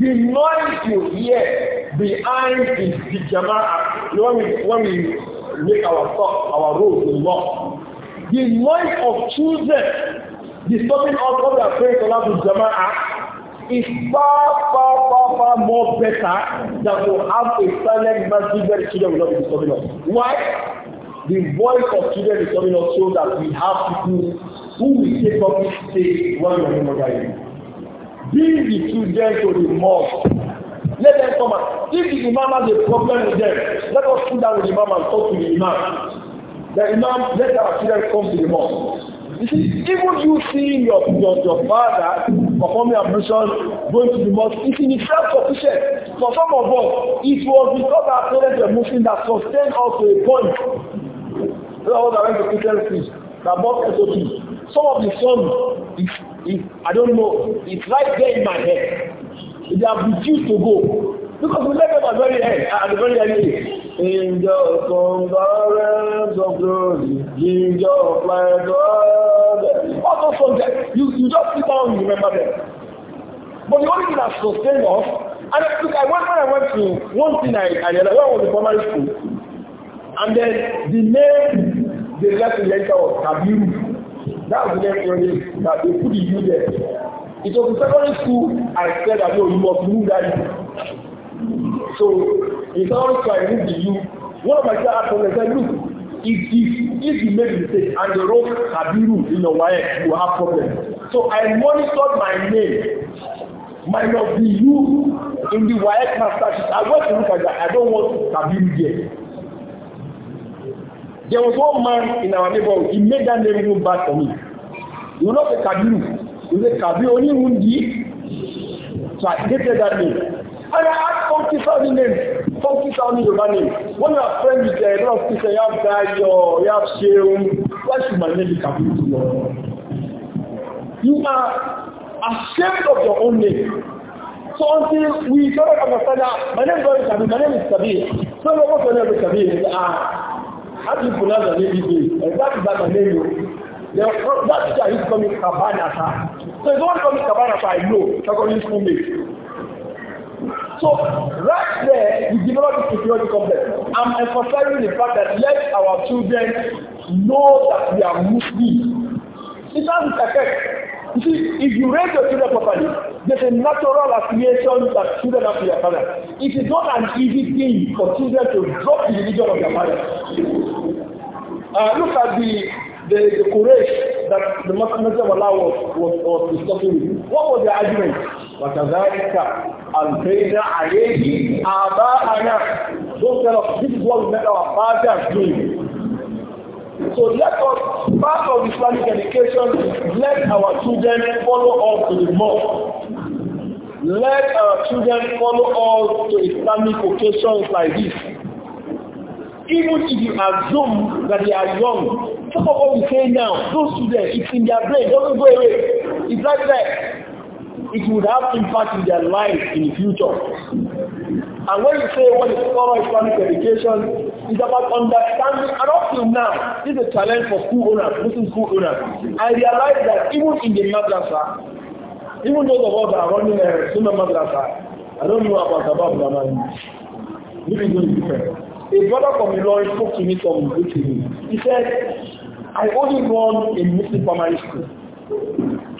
The noise you hear behind the, the Jama'ah, when we, when we make our talk, our road in law, the noise of children disturbing us when we are praying Salah with Jama'ah is far, far, far, far more better than to have a silent masjid where children will not be disturbing us. Why? The voice of children disturbing us so that we have people who will take up this stage when we are in Mogarini. Bring the children to the mosque. Let them come out. If the imam has a problem with them, let us sit down with the imam and talk to the imam. The imam, let our children come to the mosque. You see, even you seeing your, your, your father performing ablution, going to the mosque, it's in itself sufficient. For some of us, it was because our parents were Muslim that sustained us to a point. Those of us that went to Christian schools, that bought SOP. Some of the sons, if, if, I don't know, it's right there in my head. They have refused to go. Because we like about very end, at the very end. Angel from the realms of glory, angel of my God. All those songs that you, you just sit down and remember them. But the only thing that sustained us, and look, I went when I went to one thing I, I realized when I was in primary school, and then the name they left the letter was Kabiru. That was the name that they put the U there. It was in secondary school I said that no, you must move that. So it sounds like to you. One of my clients told me, said, look, if you, if you make mistake and the road Kabiru in the wire, you will have problems. So I monitored my name might not be you in the wire master I want to look at that. I don't want Kabiru there. There was one man in our neighborhood, he made that name go bad for me. You will not say Kabiru. You say Kabiru Oniwundi. So I hated that name. And I had 40,000 names, 40,000 Yoruba names. When you are friends with uh, a lot of people, you have Dayo, you have Sheun, why should my name be Kabiru? You are ashamed of your own name. So until we don't understand that, my name is not Kabir, my name is Kabir. So no one can ever Kabir. Ah, how do you pronounce your name these days? That is not my name. The, that guy is coming Kabanata. So if you want to call me Kabanata, I know. Secondary school mate. So right there, you develop the security complex. I'm emphasizing the fact that let our children know that we are Muslims. It has doesn't effect. You see, if you raise your children properly, there's a natural affiliation that children have to their father. It is not an easy thing for children to drop the religion of their father. Uh, look at the the, the Quraysh that the Messenger of Allah was, was, was discussing with you. What was their argument? وكذلك ألقينا عليه آباءنا ذكر الصدق والمعرفات الدين So let us, part of Islamic education, let our children follow us to the mosque. Let our uh, children follow us to Islamic occasions like this. Even if you assume that they are young, some of what we say now, those students, it's in their brain, Don't go away. It's like that it would have impact in their life in the future. And when you say what is formal Islamic education, it's about understanding, and up till now, this is a challenge for school owners, Muslim school owners. I realize that even in the madrasa, even those of us are running a uh, Sunnah madrasa, I don't know about Sabah Brahman. Maybe it's different. A brother from Ilorin spoke to me from weeks He said, I only run a Muslim primary school.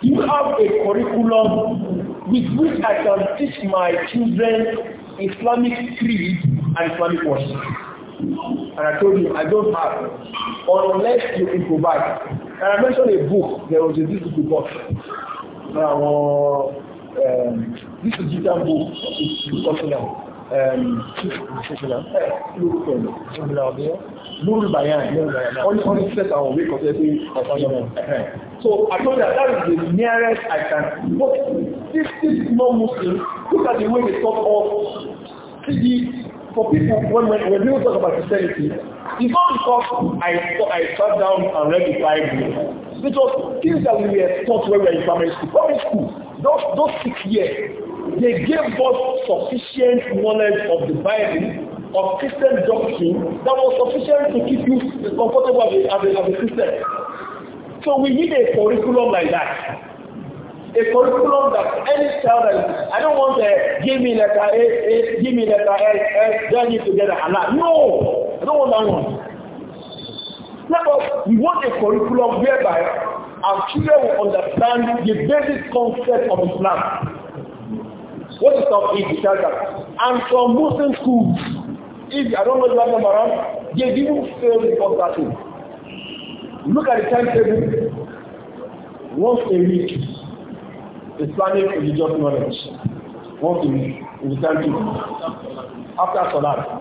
You have a curriculum with which I can teach my children Islamic creed and Islamic worship. And I told you, I don't have, unless you improvise. And I mentioned a book, there was a digital book. Now, um, this digital book is discussing Um, Lúrù So I told that that is the nearest I can. But this is non-Muslim. Look at the way they talk of CD for people when, when, when people talk about Christianity. It's not because I, I sat down and read the Bible. It was things that we were taught when we were in primary school. Primary school, those, those six years, They gave us sufficient knowledge of the Bible of Christian doctrine that was sufficient to keep you comfortable as a, as a, as a Christian. So we need a curriculum like that. A curriculum that any child, that, I don't want a uh, give me letter A, A, give me letter S, S, join it together, Allah. No! I don't want that one. Let us, we want a curriculum whereby our children will understand the basic concept of Islam. What is up in Bishaka? And from Muslim schools, if I don't know the number around, they even fail because that thing. Look at the timetable. Once a week, Islamic religious knowledge. Once a week, in the timetable. After Salat.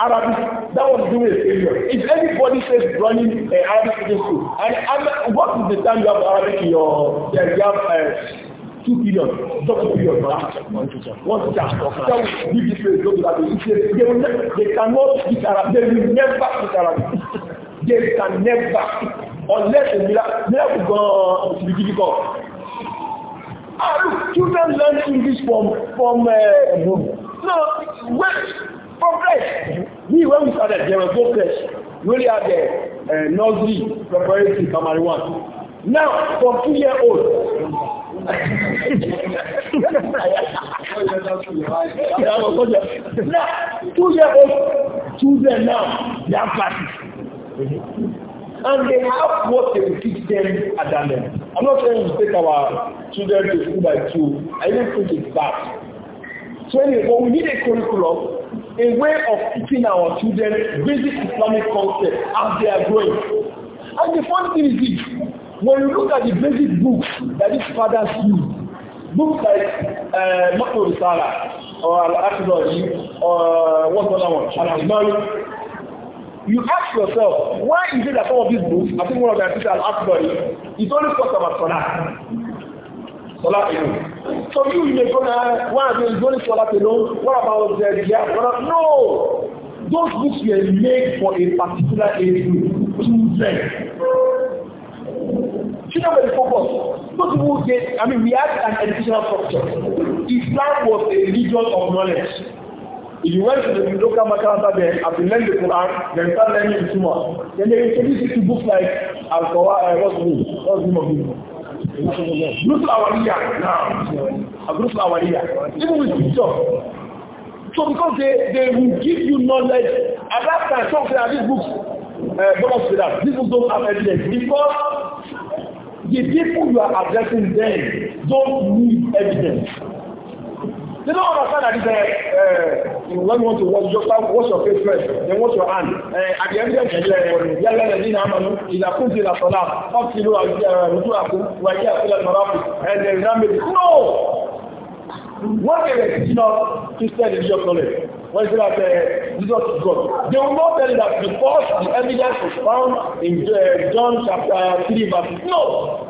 Arabic, that was doing a failure. If anybody says running an Arabic school, and, and what is the time you have Arabic in your, you have, uh, two period double period one teacher so give this place go to that place they they they cannot speak Arab they will never speak Arab they can never unless a miracle miracle go to be difficult and ah, children learn English from from uh, home no wait progress we when we started there was progress we only had the uh, nursery preparatory primary one now from two year old Now, two children now, they have And they have what they teach them at that level. I'm not saying we take our children to school by two. I don't think it's bad. So anyway, but we need a curriculum, a way of teaching our children basic Islamic concepts as they are growing. And the funny thing is this, When you look at the basic books that these fathers use, books like uh, eh, Makto Risala or Al-Aqidari or what's another one, Al-Azmari, you ask yourself, why is it that some of these books, I think one of them is Al-Aqidari, it only talks about Salah. Salah alone. Some you may go now, eh, why are you only Salah alone? What about the Riyadh? No! Those books were made for a particular age group, to them. Children were the focus. Those who get, I mean, we had an educational structure. Islam was a religion of knowledge. If you went to the local makaranta there, after learn the Quran, then start learning the Sunnah. Then they introduced it to books like Al-Qawa, uh, what's the name? What's the name of it? Rusul Awaliya now. Rusul Awaliya. Even with pictures. So because they, they will give you knowledge, at that time, something like these books, uh, bonus with that, people don't have evidence because the people you are addressing them don't need evidence. They don't understand that it's a, uh, when you want to wash, just wash your face first, then wash your hand. Uh, at the end of the day, yálẹ̀ lẹ́yìn náà mọ̀ to ti làtọ̀lá, ọ́fíìlú àti ẹ̀rọ̀dú àkùn, wàjí àfẹ́lẹ̀ mọ̀ráfù, ẹ̀ẹ́dẹ̀ ìrámẹ́lì. No! Wọ́n kẹ̀rẹ̀ sí náà Christian religious knowledge. What is it that uh, Jesus is God? They will not tell you that because the evidence was found in uh, John chapter 3 verse. No.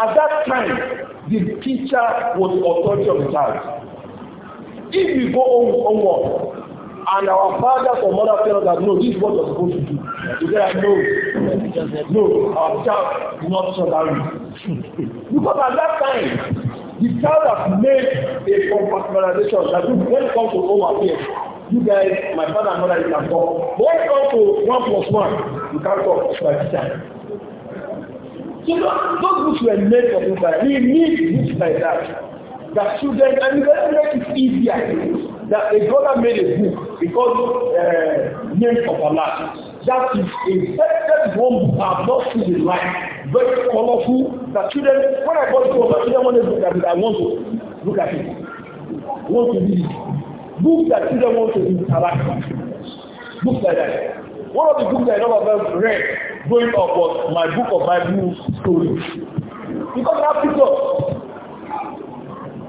At that time, the teacher was the authority of the child. If we go on homework and our father or mother tell us that no, this is what you're supposed to do. You say that no, no, our child is not sure that [LAUGHS] Because at that time, The child has made a compartmentalization that you, when it comes to home affairs, you guys, my father and mother, you can talk. But when it comes to one plus one, you can't talk to my teacher. So those, those books were made for this guy. We need books like that. That children, and you can make it easier. That a brother made a book because uh, name of Allah. That is a that is one book I have not seen in life very colorful that children, when I got to the children want to look at it, I want to look at it. Want to read it. Books that children want to read, I like it. Books like that. One of the books that I never read growing up was my book of Bible stories. Because I picked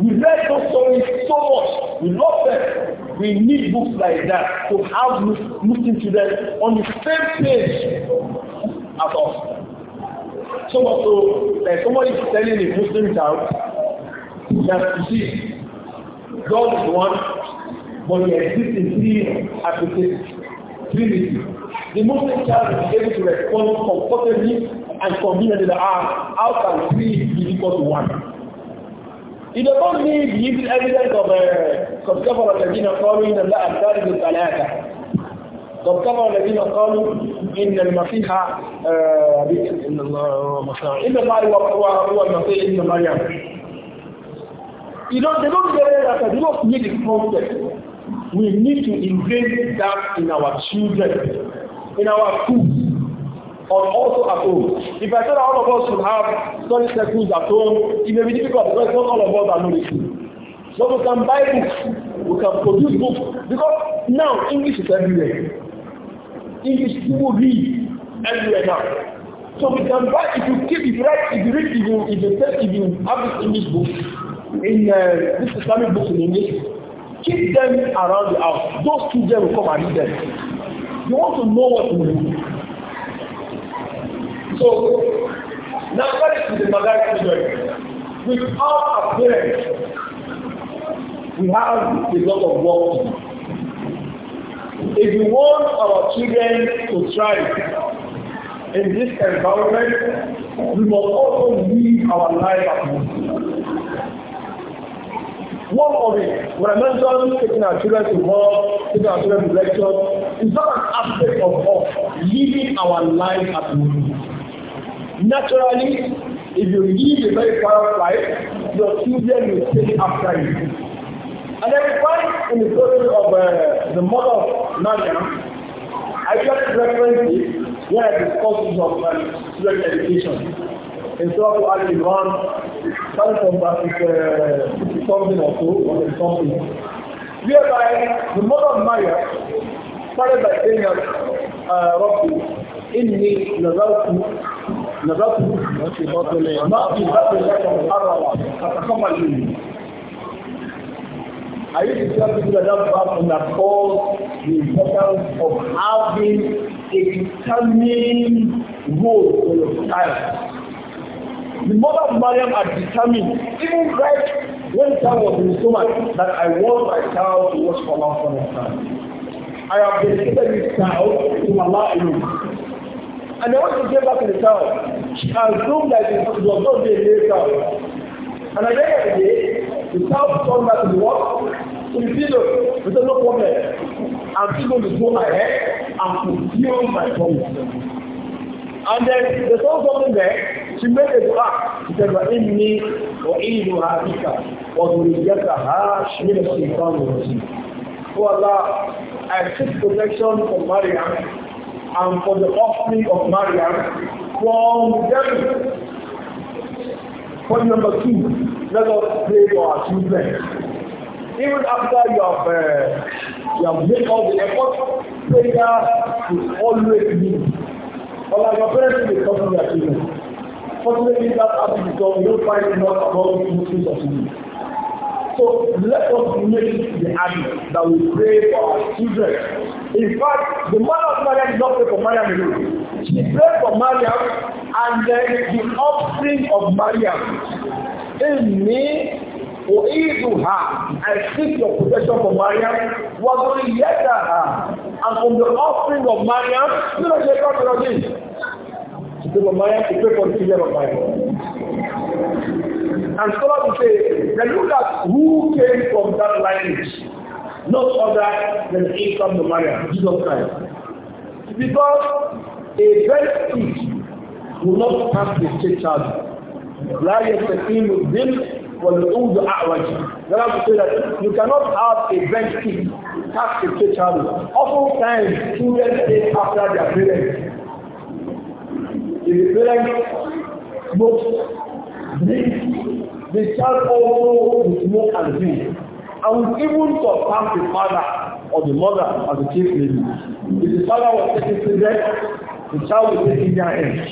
We read those stories so much. We love them. We need books like that to have Muslim children on the same page as us so much so like somebody is telling a Muslim child that you see God is one but he exists in three aspects. trinity the Muslim child is able to respond comfortably and conveniently that ah how can three be equal to one it does not mean the evidence of a uh, subscriber of the Dina following the That and Tariq al-Talata وابتغى الذين قالوا إن المسيح إن الله مصنع إن الله هو هو المسيح إن مريم You know, they don't get that. They don't make the concept. We need to ingrain that in our children, in our schools, or also at home. If I said all of us should have Sunday schools at home, it may be difficult because not all of us are knowledgeable. So we can buy books, we can produce books, because now English is everywhere. English you will read everywhere now. So we can buy, if you keep, it right, if you read, if you, if you, test, if you have this English book, in uh, this Islamic book in English, keep them around the house. Those children will come and read them. You want to know what to do. So, now that is the Magai children. Without our parents, we have a lot of work If we want our children to thrive in this environment, we must also live our life as Muslims. One of it, when I mentioned taking our children to work, taking our children to lectures, is not an aspect of us living our life at home. Naturally, if you live a very proud life, your children will take after you. And then we find in the story of uh, the mother of Maryam, I just referenced it when I discussed this of uh, student education. In Surah Al Imran, starting from verse uh, 50 something or so, or something. Whereby the mother of Maryam started by saying that uh, Rabbi, إني نظرت نظرت ما في بطن ما في بطن لك محرما فتقبل مني I used to tell people that verse in that calls the importance of having a determined role for your child. The mother of Mariam had determined, even right when time was in so much, that I want my child to watch for Allah for time. I have dedicated this child to Allah alone. And then when she came back to the child. she assumed that it was not a later And at the end of the day, the South comes back to the work, to the field, we say no problem. I'm still going to go ahead and fulfill my promise. And then there's also something there, she made a pact. she said, "But in in me, وَإِنِّي أُعِيدُهَا بِكَ وَذُرِّيَّتَهَا مِنَ الشَّيْطَانِ الرَّجِيمِ Oh Allah, I seek protection for Maryam and for the offspring of Maryam from the devil Point number two, let us pray for our children. Even after you have, uh, you have made all the effort, prayer is always needed. But like your parents will talk to their children. Fortunately, that happens because we don't find enough about Muslims of you. So let us make the habit that we pray for our children. In fact, the man of Maria did not pray for Maria alone. He prayed for Maria, and then the offspring of Maria In me, وإيدها I seek your protection for Maria, Mariam her, and from the offspring of Maria. you know she got rid of this to pray for Maria. to pray for the children of Maria. and scholars will say then look at who came from that lineage not other than Abraham to Maria, Jesus Christ because A bad speech will not pass the state charge. لا يستقيم الذل والعود أعوج. That I say that you cannot have a bad speech pass the state charge. times, children stay after their parents. If the parents smoke, drink, the child also will smoke and drink. And even to surpass the father or the mother as a chief lady. If the father was taking to The child will take Indian hands.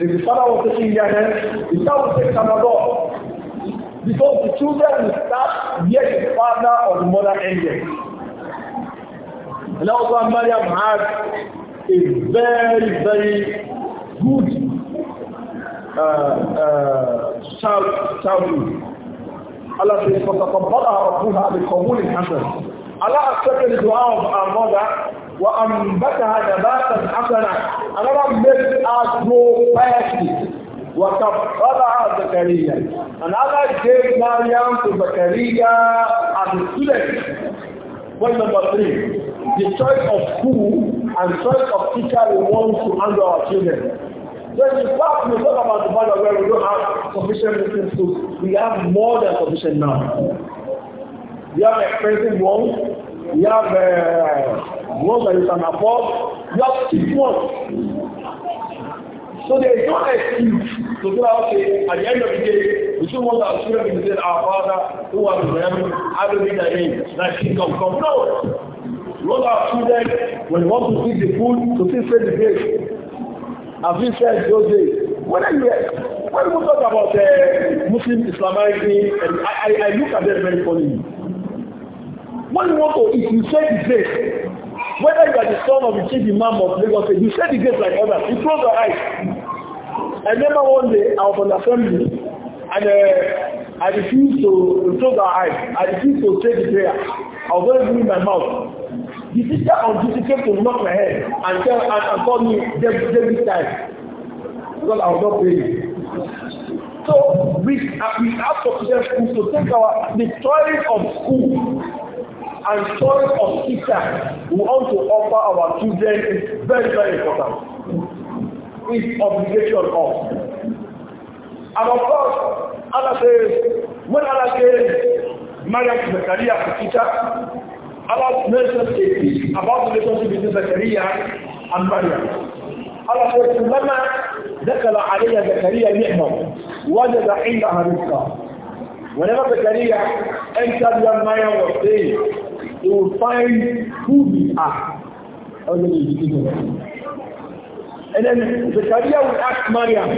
If the father was taking Indian hands, the child will take Canada. Because the children will start yet the father or the mother ended. And also Maryam had a very, very good uh, uh, child, childhood. Allah says, فَتَقَبَّلَهَا رَبُّهَا بِقَبُولٍ حَسَنٍ Allah accepted the dua of our mother وأنبتها نباتا حسنا أنا ربك أتو فاتي وكفرها زكريا أنا جيت مريم زكريا and student point number three the choice of school and choice of teacher we want to handle our children when in fact, we talk about the father where we don't have sufficient nursing schools we have more than sufficient now we have expensive ones We have uh, one that is an above. We have six So there is no excuse to go out say, at the end of the day, we should want our children to say, our father who was in heaven, hallowed be thy name, thy kingdom come. No! We want our children, when we want to eat the food, to see face the face. As we said those days, when are you When we talk about uh, Muslim Islamizing, and I, I, I look at them very funny. What do you want to, if you say the grace, whether you are the son of the chief imam of Lagos, you say the grace like others. You close your eyes. I remember one day I was on assembly and uh, I refused to close our eyes. I refused to say the prayer. I was only doing my mouth. The teacher on duty came to knock my head and tell and, and call me David time because I was not praying. So we, uh, we have to schools to take our the toilet of school and choice of teacher we want to offer our children is very very important. It's obligation of. And of course, Allah says, when Allah says marriage is a career for teacher, Allah mentions a piece about the relationship between Zakaria and Maryam. Allah says, لما دخل علي زكريا نعمه وجد عندها رزقا Whenever the Zechariah entered the Maya of saying, he will find who we are. And then the Zechariah will ask Maryam,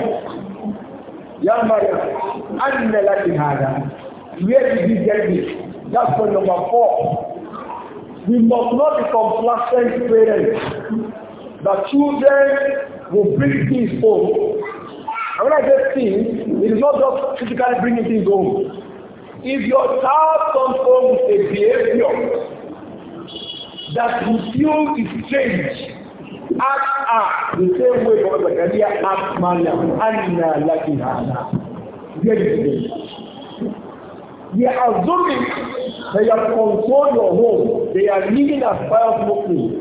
Ya Maryam, Anna Lati Hada, where did you get this? That's point number four. We must not be complacent parents. The children will bring things home. And when I say things, it is not just physically bringing things home. If your child comes home with a behavior that you feel is strange, ask her the same way for Zakaria asked Maryam, Anna Lakihana. Get it? They are assuming they have controlled your home. They are living as pious Muslims.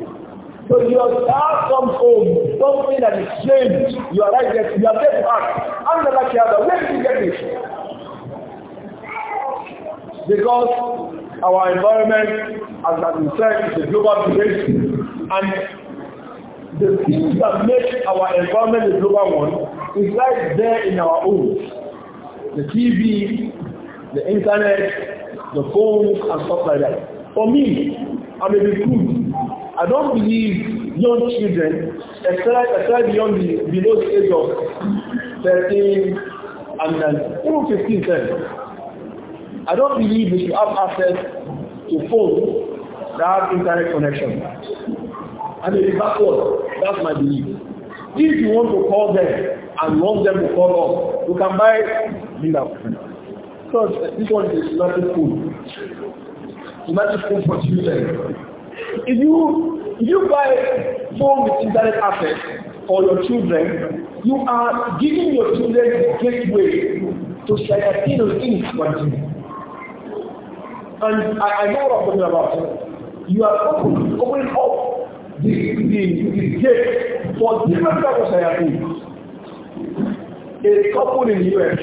So your child comes home, something that is strange. You are like there. You are dead. to and Anna Lakihana, where did you get this? because our environment, as I said, is a global village and the things that make our environment a global one is right there in our homes. The TV, the internet, the phones and stuff like that. For me, I'm a recruit. I don't believe young children, especially beyond the below the age of 13 and then uh, even 15, 10. I don't believe we you have access to phone that have internet connection. And it is backward. That's my belief. If you want to call them and want them to call us, you can buy dinner. Because this one is a Islamic food. Islamic phone for children. If you if you buy phone with internet access for your children, you are giving your children a gateway to shayateen things for you. And I, I know what I'm talking about. You are open, opening up the, the, the gate for different types of things. A couple in the US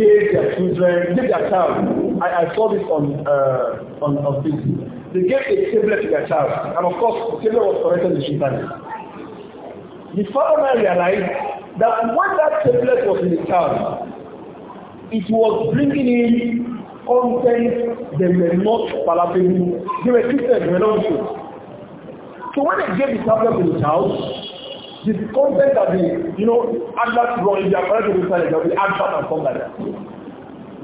gave their children, gave their child. I, I saw this on uh, on, on Facebook. They gave a tablet to their child. And of course, the tablet was corrected in Shintani. The father realized that when that tablet was in the child, it was bringing in content they were not palatable. They were Christians, they were not Jews. So when they gave the tablet to the child, the content that the, you know, adverts wrong, if they are correct with the there will be advert and stuff like that.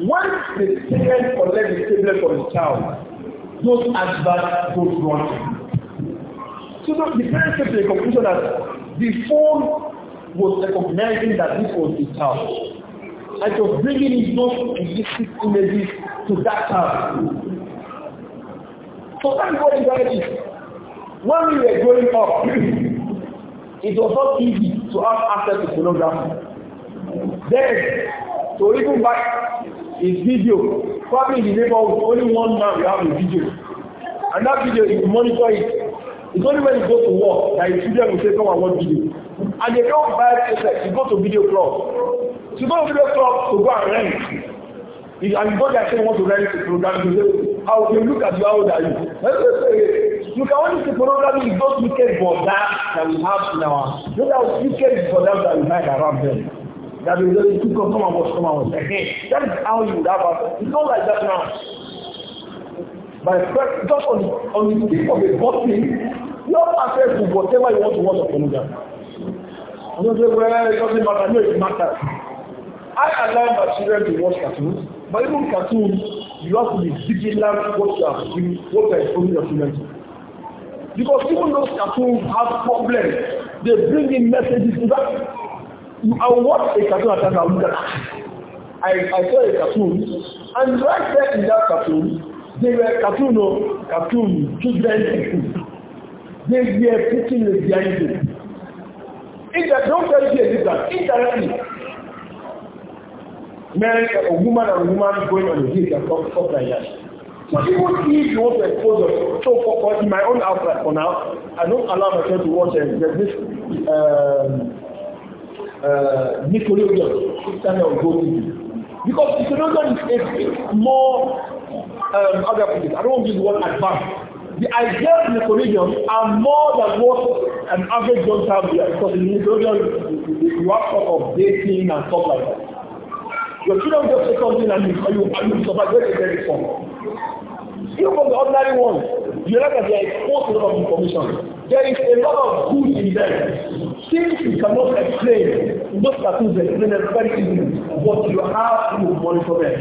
Once the parents collect the tablet from the child, those adverts go wrong. So now the parents came to the conclusion that the phone was recognizing that this was the child and just bringing his own illicit images to that town. So that is what Israel is. When we were growing up, [CLEARS THROAT] it was not easy to have access to pornography. Then, to even buy a video, probably in the neighborhood, only one man will have a video. And that video, you monitor it. It's only when you go to work that your children will say, come and watch video. And they don't buy it, you go to video club. So don't feel tough to go and rent. If and God is saying want to rent the program, you how you look at you, old are you? can only see program is those wicked borders that we have in our house. Those are wicked that we hide around them. That we really took come and watch, come and watch. That is how you would have us. It's not like that now. By first, just on, on the tip of a bottle, you have access to whatever you want to watch on program. I'm not saying, well, it doesn't matter. No, it matters. I allow my children to watch cartoons, but even cartoons, you have to be vigilant what you are doing, what you are exposing your children Because even those cartoons have problems, they bring in messages to that. You, are watch a cartoon at times, I I, I saw a cartoon, and right there in that cartoon, they were cartoon, no, oh, cartoon, children, they were putting the behind it. If they don't tell you that, indirectly, marrying a woman and woman going on a date and stuff, stuff like that. So even if you want to expose us, so for, for in my own house like for now, I don't allow myself to watch uh, there's this um, uh, Nickelodeon channel on GoTV. Because Nickelodeon is a bit more, um, how do I don't want to use the word advanced. The ideas in the collegium are more than what an average don't have here because in the collegium you have sort of dating and stuff like that. Your children just say something and you, and you, and you survive very, very far. Even from the ordinary ones, you know that they are exposed to a lot of information. There is a lot of good in them. Things you cannot explain, those cartoons explain them very easily, but you have to monitor them.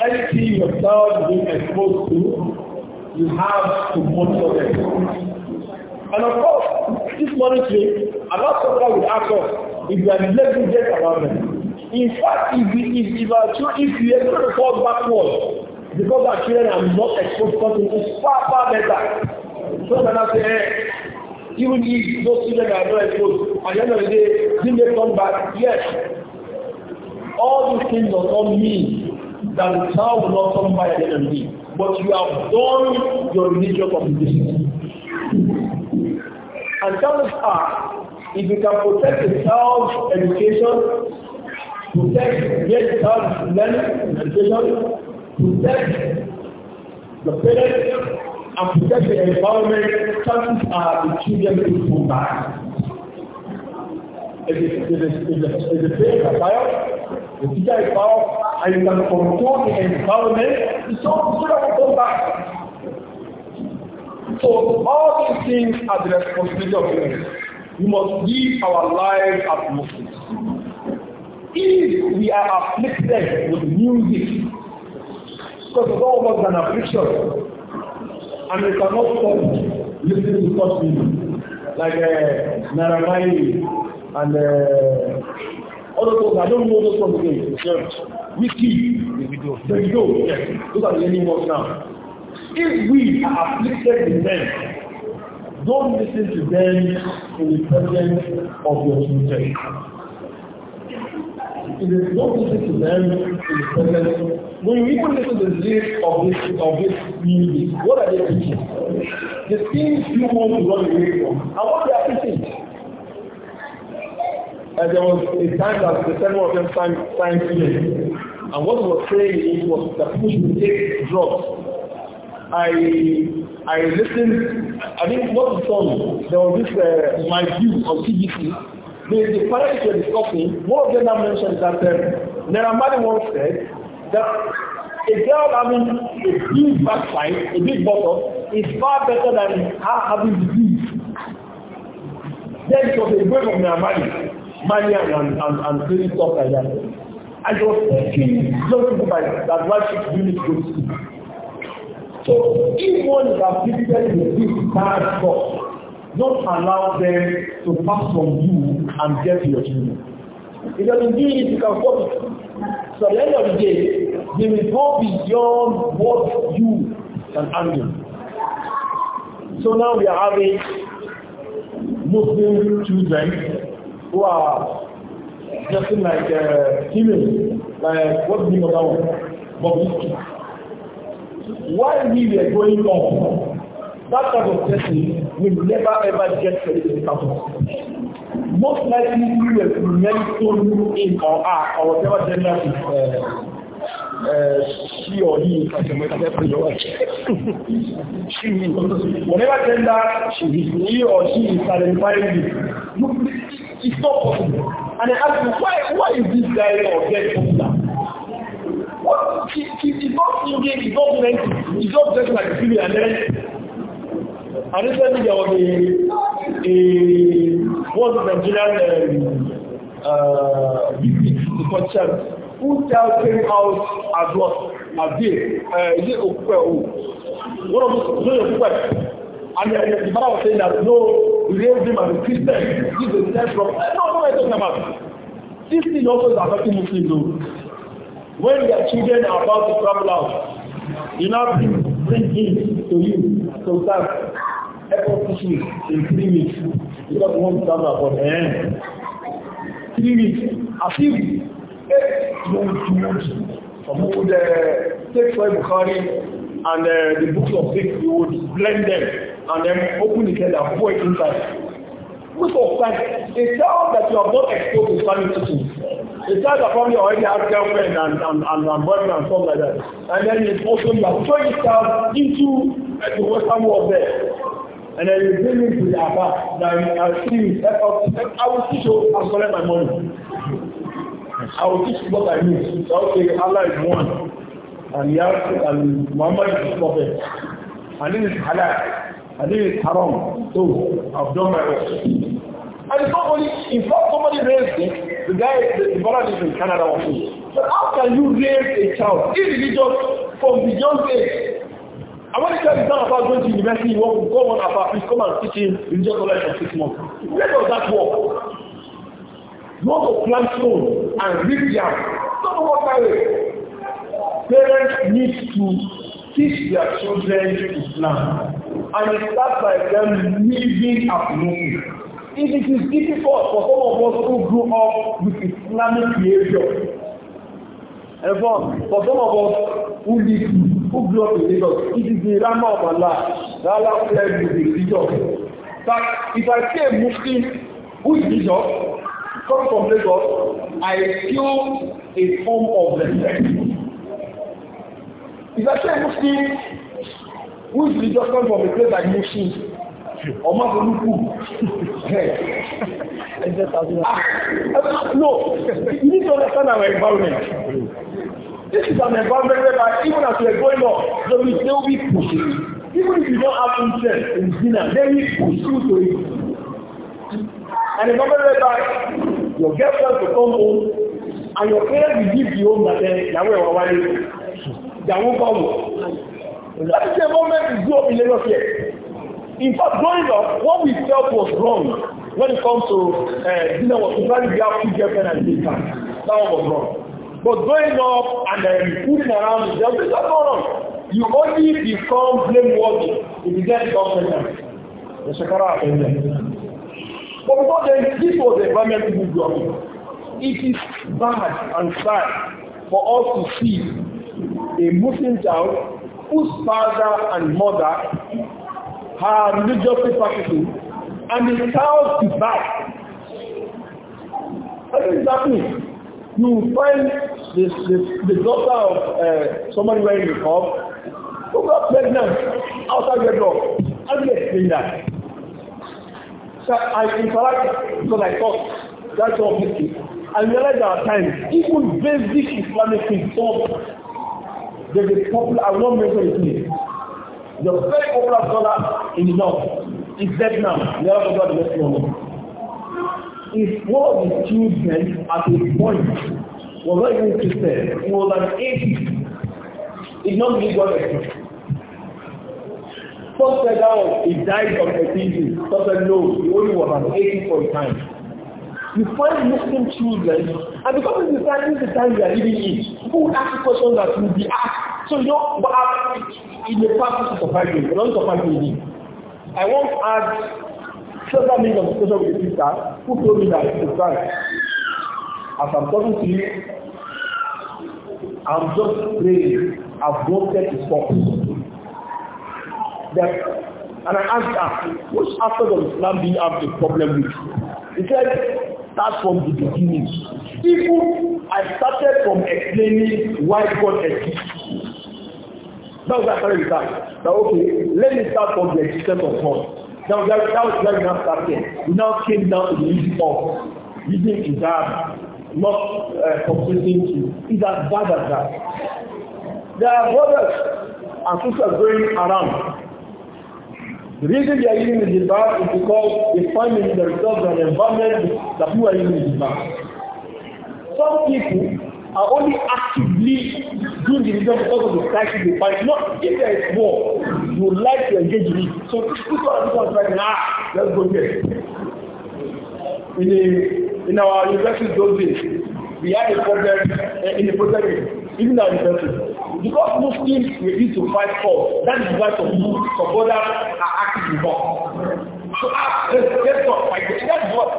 Anything your child is exposed to, you have to monitor them. And of course, this monitoring, a lot of people will ask us if we are living negligent about them. In fact, if, if, if, our children, if you ever fall backward, because our children are not exposed to it it's far, far better. So when I say, hey, eh, even if those children are not exposed, at the end of the day, did they come back? Yes. All these things does not mean that the child will not come back at the end But you have done your religious obligation. And chances are, if you can protect the child's education, To protect great child learning and education, protect the parents, and protect the environment, chances are the children will come back. If the parents are tired, the teacher is powerful, and you can control the environment, the children will come back. So all these things are the responsibility of parents. We must live our lives as Muslims. if we are afflicted with music, because all of us are affliction, and we cannot stop listening to such music, like uh, Naramai and uh, all those I don't know those from today. Whiskey, there you go. Yes, those are the only ones now. If we are afflicted with them, don't listen to them in the presence of your children it is not easy to them in the present. When you even listen to the lyrics of this of this music, what are they teaching? The things you want to run away from and what they are teaching. And there was a time that the seven of them signed signed today. And what was saying was that people should take drugs. I I listened I think what the song there was this uh, my view on CBC the, the parents were discussing, one of them mentioned that um, Neramani once said that a girl having a big backside, a big bottom, is far better than her having disease. Then it was a wave of Neramani, money and, and, and, and crazy stuff like that. And she was teaching young people by that why she really good school. So if one is afflicted with this bad stuff, Not allow them to pass from you and get to your children. It doesn't mean you can stop it. So at the end of the day, they will go beyond what you can handle. So now we are having Muslim children who are just like uh, humans, like what's the name of that one? Bobrisky. we were growing up, that type of person will never ever get to the of Most likely you will remain stone in or are or whatever gender is uh, uh, she or he is whatever you are. she means whatever gender she is, he or she is identifying you. It's not possible. And I ask you, why, why is this guy or girl popular? What? He, he, he's not singing, he's not dancing, he's not just like a and then and recently there was a, a one Nigerian um, uh, merchant who sell came out as what as they uh, is it okupe o one of those those okupe and the the father was saying that no we raise him as a Christian this is a step from no no I talking about this thing also is affecting Muslims o when their children are about to travel out you now bring bring him to you to serve airport issues in three weeks because one travel abroad eh three weeks afif eight months months from who the take for Bukhari and uh, the books of six you would blend them and then open the kettle, and pour it inside most of the time a child that you have not exposed to family teaching a child that probably already has girlfriend and and and, and boyfriend and stuff like that and then it also you are throwing yourself into uh, the western world there and then you bring me to the Abba that I will see you help us I will teach you how to collect my money I will teach you what I need so I'll Allah is one and Yahshua and Muhammad is his prophet and this is halal and this is haram so I've done my work and it's not only in fact somebody raised it the guy the brother is in Canada was but how can you raise a child individual, from the young age America is not about going to university, you want to go on after please come and teach in religious college for Where does that work? You want to and reap Don't work that Parents need to teach their children Islam. And it starts by them living at home. If it is difficult for some of us who grew up with Islamic behavior, and for some of us who live who grew up in Lagos, it is the Rama of Allah. The Allah said with the religion. But if I see a Muslim who is religious, come from Lagos, I feel a form of respect. If I see a Muslim who is religious, come from a place like Muslim, ọmọ olùkú ẹ no you need to understand our environment. This is an environment that even as we are going up, they will still be pushing. Even if you don't have interest in dinner, they will push you to it. And another moment whereby your girlfriend will come home and your parents will give you home that then Yahweh will worry you. They won't come That is the moment we grow up in Lagos here. In fact, growing up, what we felt was wrong when it comes to uh, eh, dinner was to try to be out two girlfriend and dinner. That one was wrong. But going up and then fooling around is just not wrong. You only become blameworthy if you get government. The Shekara attendant. But because then, this was the environment we grew up in. It is bad and sad for us to see a Muslim child whose father and mother are religiously practicing and the child is bad. That is exactly you find the, the, the daughter of uh, somebody wearing the cup who got pregnant outside your door. How do you explain that? So I interact because I talk. That's all people. I realize there are times, even basic Islamic things, so there's a popular, I will not mention his name. The very popular scholar in the north is Vietnam. Never forgot the next moment. If one of the children at a point was not even to say, more than 80 Did not believe God exists. First said out, oh, he died of disease. First said no, he only was an 80 for a time. You find Muslim children, and because it's the time, the time they are living in, people will ask questions that will be asked. So you know, but uh, in the past, to survive you, not survive you. I won't add social means was social with a sister who told me that it's fine. As I'm talking to you, I'm just praying. I've wanted to stop. That, and I asked her, which aspect of Islam do you have a problem with? He said, that's from the beginning. Even I started from explaining why God exists. That was what I started with that. That okay, let me start from the existence of God. That was, very, that was very not started. We now came down to the issue of using hijab, not uh, completing to. It's as bad as that. There are brothers and sisters going around. The reason they are using the hijab is because they find in themselves an environment that people are using the hijab. Some people are only actively do diligence because of the crisis they find. Not if there is war, you would like to engage me. So people are just like, ah, let's go there. In, the, in our university those days, we had a problem uh, in the project, even our university. Because Muslims refuse to fight for, that is why some, some others are active involved. So ask, ah, let's, let's not fight. That's what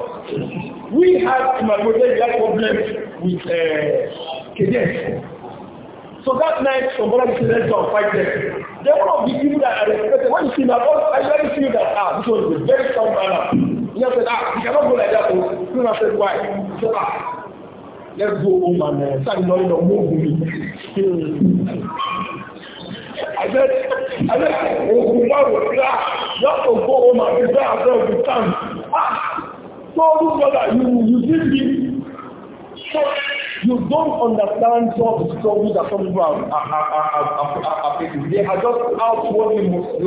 we have in my project, we had problems with uh, eh, cadets. So that night, some brothers is left fight them. They were one of the people that I respected, when you see that, I very feel that, ah, this was a very strong man. He just said, ah, you cannot go like that. So I said, why? He said, ah, let's go home and uh, start knowing the move me. I said, I said, oh, wow, ah, you have to go home and prepare yourself with time. Ah, so look at you, you did me. So, You don't understand all the struggles that some people are, facing. They are just outwardly Muslim.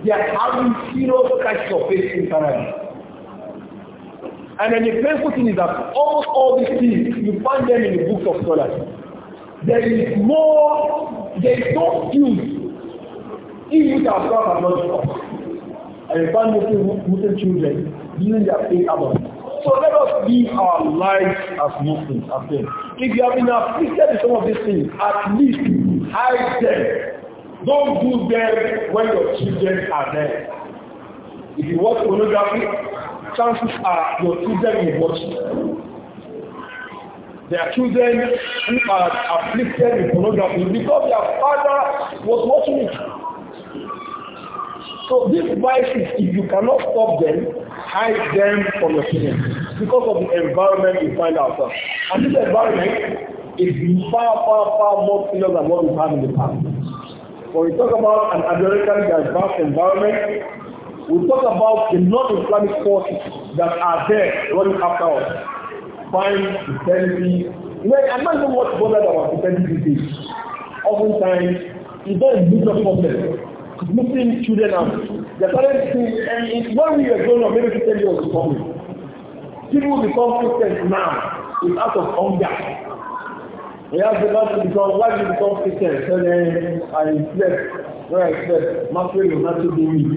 They are having serious cracks of faith internally. And then the painful thing is that almost all these things, you find them in the books of scholars. There is more, there is no excuse if you can stop and not come, And you find Muslim, Muslim children using their faith about So let us live our lives as Muslims, as them. If you have been afflicted with some of these things, at least hide them. Don't do them when your children are there. If you watch pornography, chances are your children will watch it. There are children who are afflicted with pornography because their father was watching it. So these vices, if you cannot stop them, hide them from your children because of the environment we find ourselves. And this environment is far, far, far more serious than what we had in the past. When we talk about an American diverse environment, we talk about the non-Islamic forces that are there running after us. Crime, insanity. You know, I'm not even much bothered about insanity these days. Oftentimes, it's not a major problem. Muslim children have. The parents think, and when we are grown up, maybe 50 years to come. People will become Christians now is out of hunger. They ask the right to why do you become Christian? So then eh, I said, "Where I said Matthew was not to be me.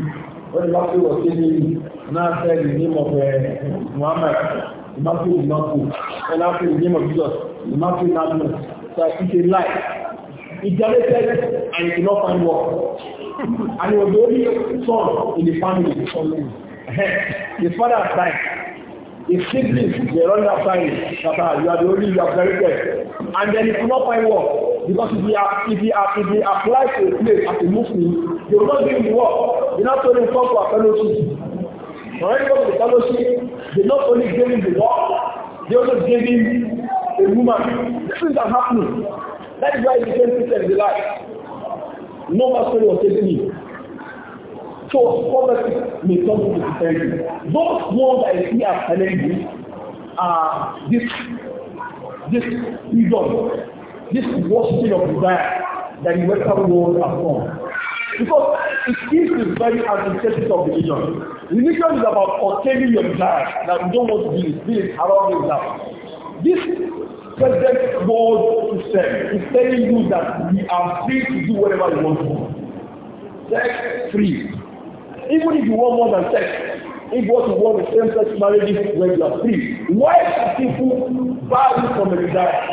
When Matthew was saying, now I said the name of uh, Muhammad, Matthew is not good. And after the name of Jesus, Matthew is not good. So it's a lie. It generated and he did not find work. [LAUGHS] And he was the only son in the family. His father died. His siblings, they run outside Papa, you are the only, you are very dead. And then he could not find work. Because if he, if he, if he applied to a place as a Muslim, they will not give him work. They not told him come to a fellowship. When he comes to the fellowship, they not only gave him the work, they also gave him a woman. This things are happening. That is why he became Christian in the life. No matter what they him. So poverty may turn to defend Christianity. Those ones I see as challenging are this this freedom, this worshiping of desire that the Western world has come. Because it is the very antithesis of religion. Religion is about containing your desire that you don't want to be, be around yourself. This present God himself is telling you that we are free to do whatever you want to do. Sex free. Even if you want more than sex, if what you want is same sex marriage when you are free, why do people buy you from a desire?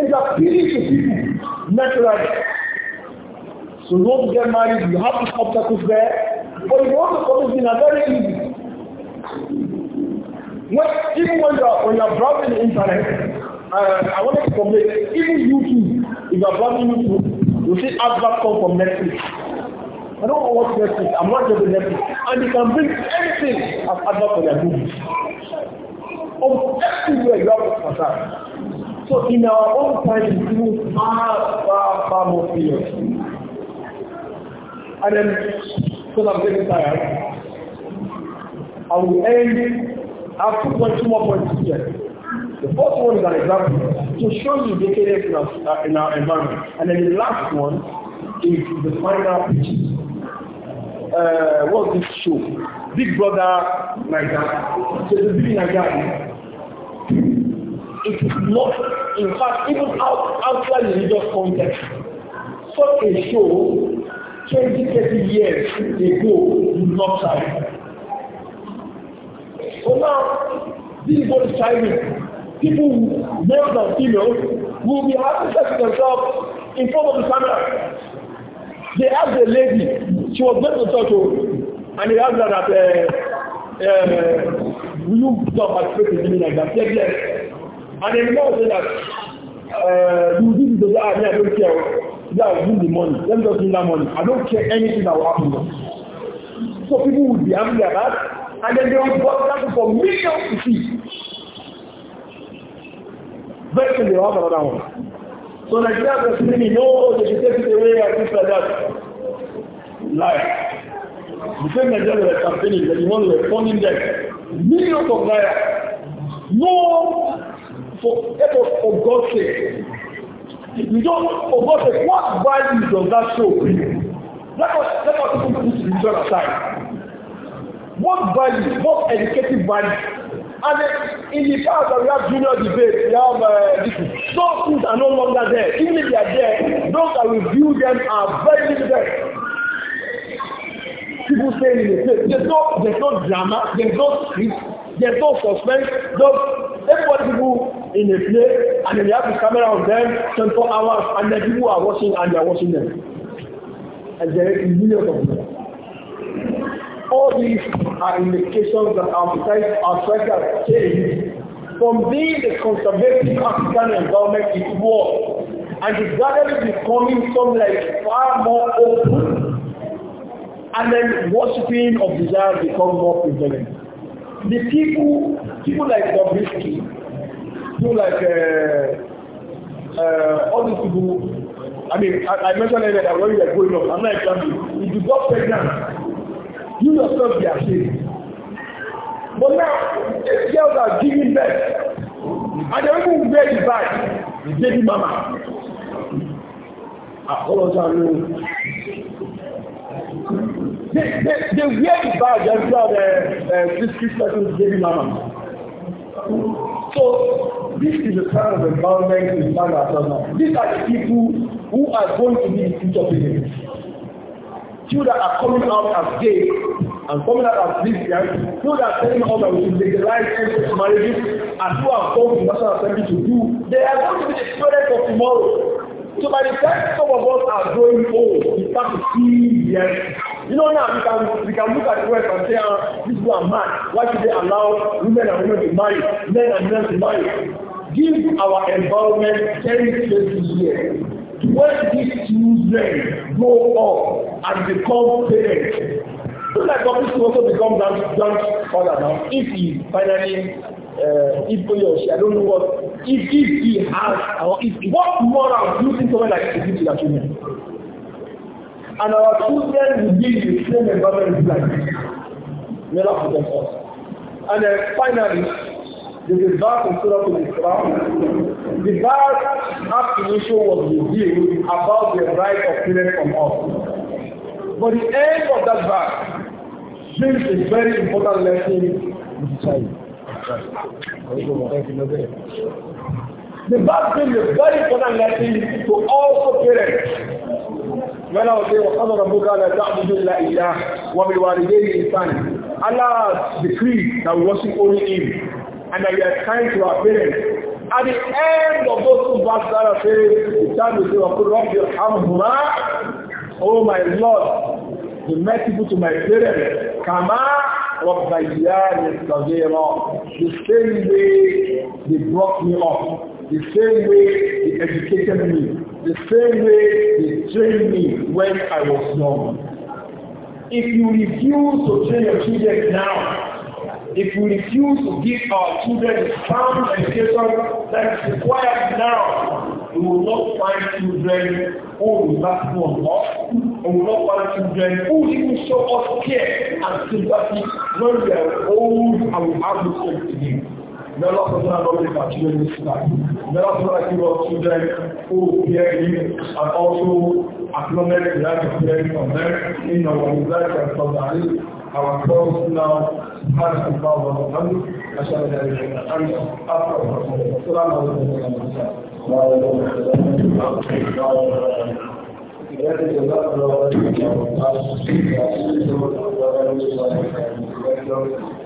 It's appealing to people naturally. So to get married, you have these obstacles there, but if you want to commit, a very easy. When, even when you're, when you're browsing the internet, uh, I want to complain, even YouTube, if you're browsing YouTube, you see adverts come from Netflix. I don't know what Netflix, I'm not just Netflix. And you can bring anything as advert for their movies. Of everywhere you have to concern. So in our own time, it's even far, far, far more serious. And then, because I'm getting tired, I will end I have two point two more points here. The first one is an example to show you the cadence in our, uh, in our environment. And then the last one is the final picture. Uh, what's this show? Big Brother Nigeria. So the Big Nigeria it is not, in fact, even out, outside religious context. Such a show, 20, 30 years ago, did not try. So now, this is what is shining. People, males and females, will be having sex themselves in front of the camera. They asked the lady, she was not in touch with, and they asked her that, uh, uh, will you stop participate in like that? Yes, yes. And then the man said that, uh, you do this, I I don't care. Yeah, I will the money. Let me just win that money. I don't care anything that will happen. So people will be angry about that and then they will broadcast for millions to see. Very soon they have another one. So Nigeria is screaming, no, they should take it away and things like that. Liar. The same Nigeria were campaigning, that the one were funding them. Millions of liars. No, for, for God's sake. You don't, for God's sake, what value does that show? Let us, let us put this religion aside both value, both educative value. And then in the past we have junior debate, we have uh, those things are no longer there. Even if they are there, those that we view them are very limited. People say in the place, there's no, there's no drama, there's no script, there's no suspense, those everybody people in the play and then they have the camera on them twenty four hours and then people are watching and they are watching them. And there is millions of them all these are indications that our society, our society has changed from being a conservative African environment it was, and it gradually becoming something like far more open, and then worshiping of desire become more prevalent. The people, people like Bobrisky, people like uh, uh, all these people, I mean, I, I mentioned earlier that when you are growing up, I'm not a family. If you got pregnant, you yourself be ashamed. But now, the girls are giving birth. And they even wear the bag, the baby mama. Apologize ah, me. They, they, they wear the bag and tell the uh, this baby mama. So, this is the kind of environment we find ourselves now. These are the people who are going to be the future parents people that are coming out as gay and coming out as lesbian, people that are telling us that we should legalize same-sex marriages and who have come to National Assembly to do, they are going to be the parents of tomorrow. So by the time some of us are growing old, we start to see yes. You know now we can we can look at the West and say, ah, these people are mad. Why should they allow women and women to marry, men and men to marry? Give our environment 10, to 20 years when these children grow up and become parents so like public school also become that grandfather now if he finally uh, if he or I don't know what if if he has or if what moral do you think someone like to give to their children and our children will be the same environment like this never protect us and then finally The reverse of Surah Al-Islam, the verse after issue was revealed about the right of parents from us. But the end of that verse brings a very important lesson The verse brings a very important lesson to all parents. When I was saying, وَقَضَ رَبُّكَ لَا تَعْبُدُ إِلَّا إِيَّاهُ وَبِالْوَالِدَيْنِ إِحْسَانًا Allah decreed that we worship only Him and that we are kind to our parents. At the end of those two verses, Allah says, the child will say, your Alhamdulillah, Oh my Lord, be merciful to my parents. Kama Rabbayani Sagira. The same way they brought me up, the same way they educated me, the same way they trained me when I was young. If you refuse to train your children now, If you refuse to give our children the sound education that is required now, we will not find children who will not know us, you will not find children who even show us care and sympathy when we are old and we have no sense to give. May Allah subhanahu wa ta'ala continue this life. May Allah subhanahu give us children who fear Him and also acknowledge the life of parents from them in our life and from our cross now. سبحانك اللهم وبحمدك أشهد أن لا إله إلا أنت أستغفرك السلام عليكم ورحمة الله وبركاته.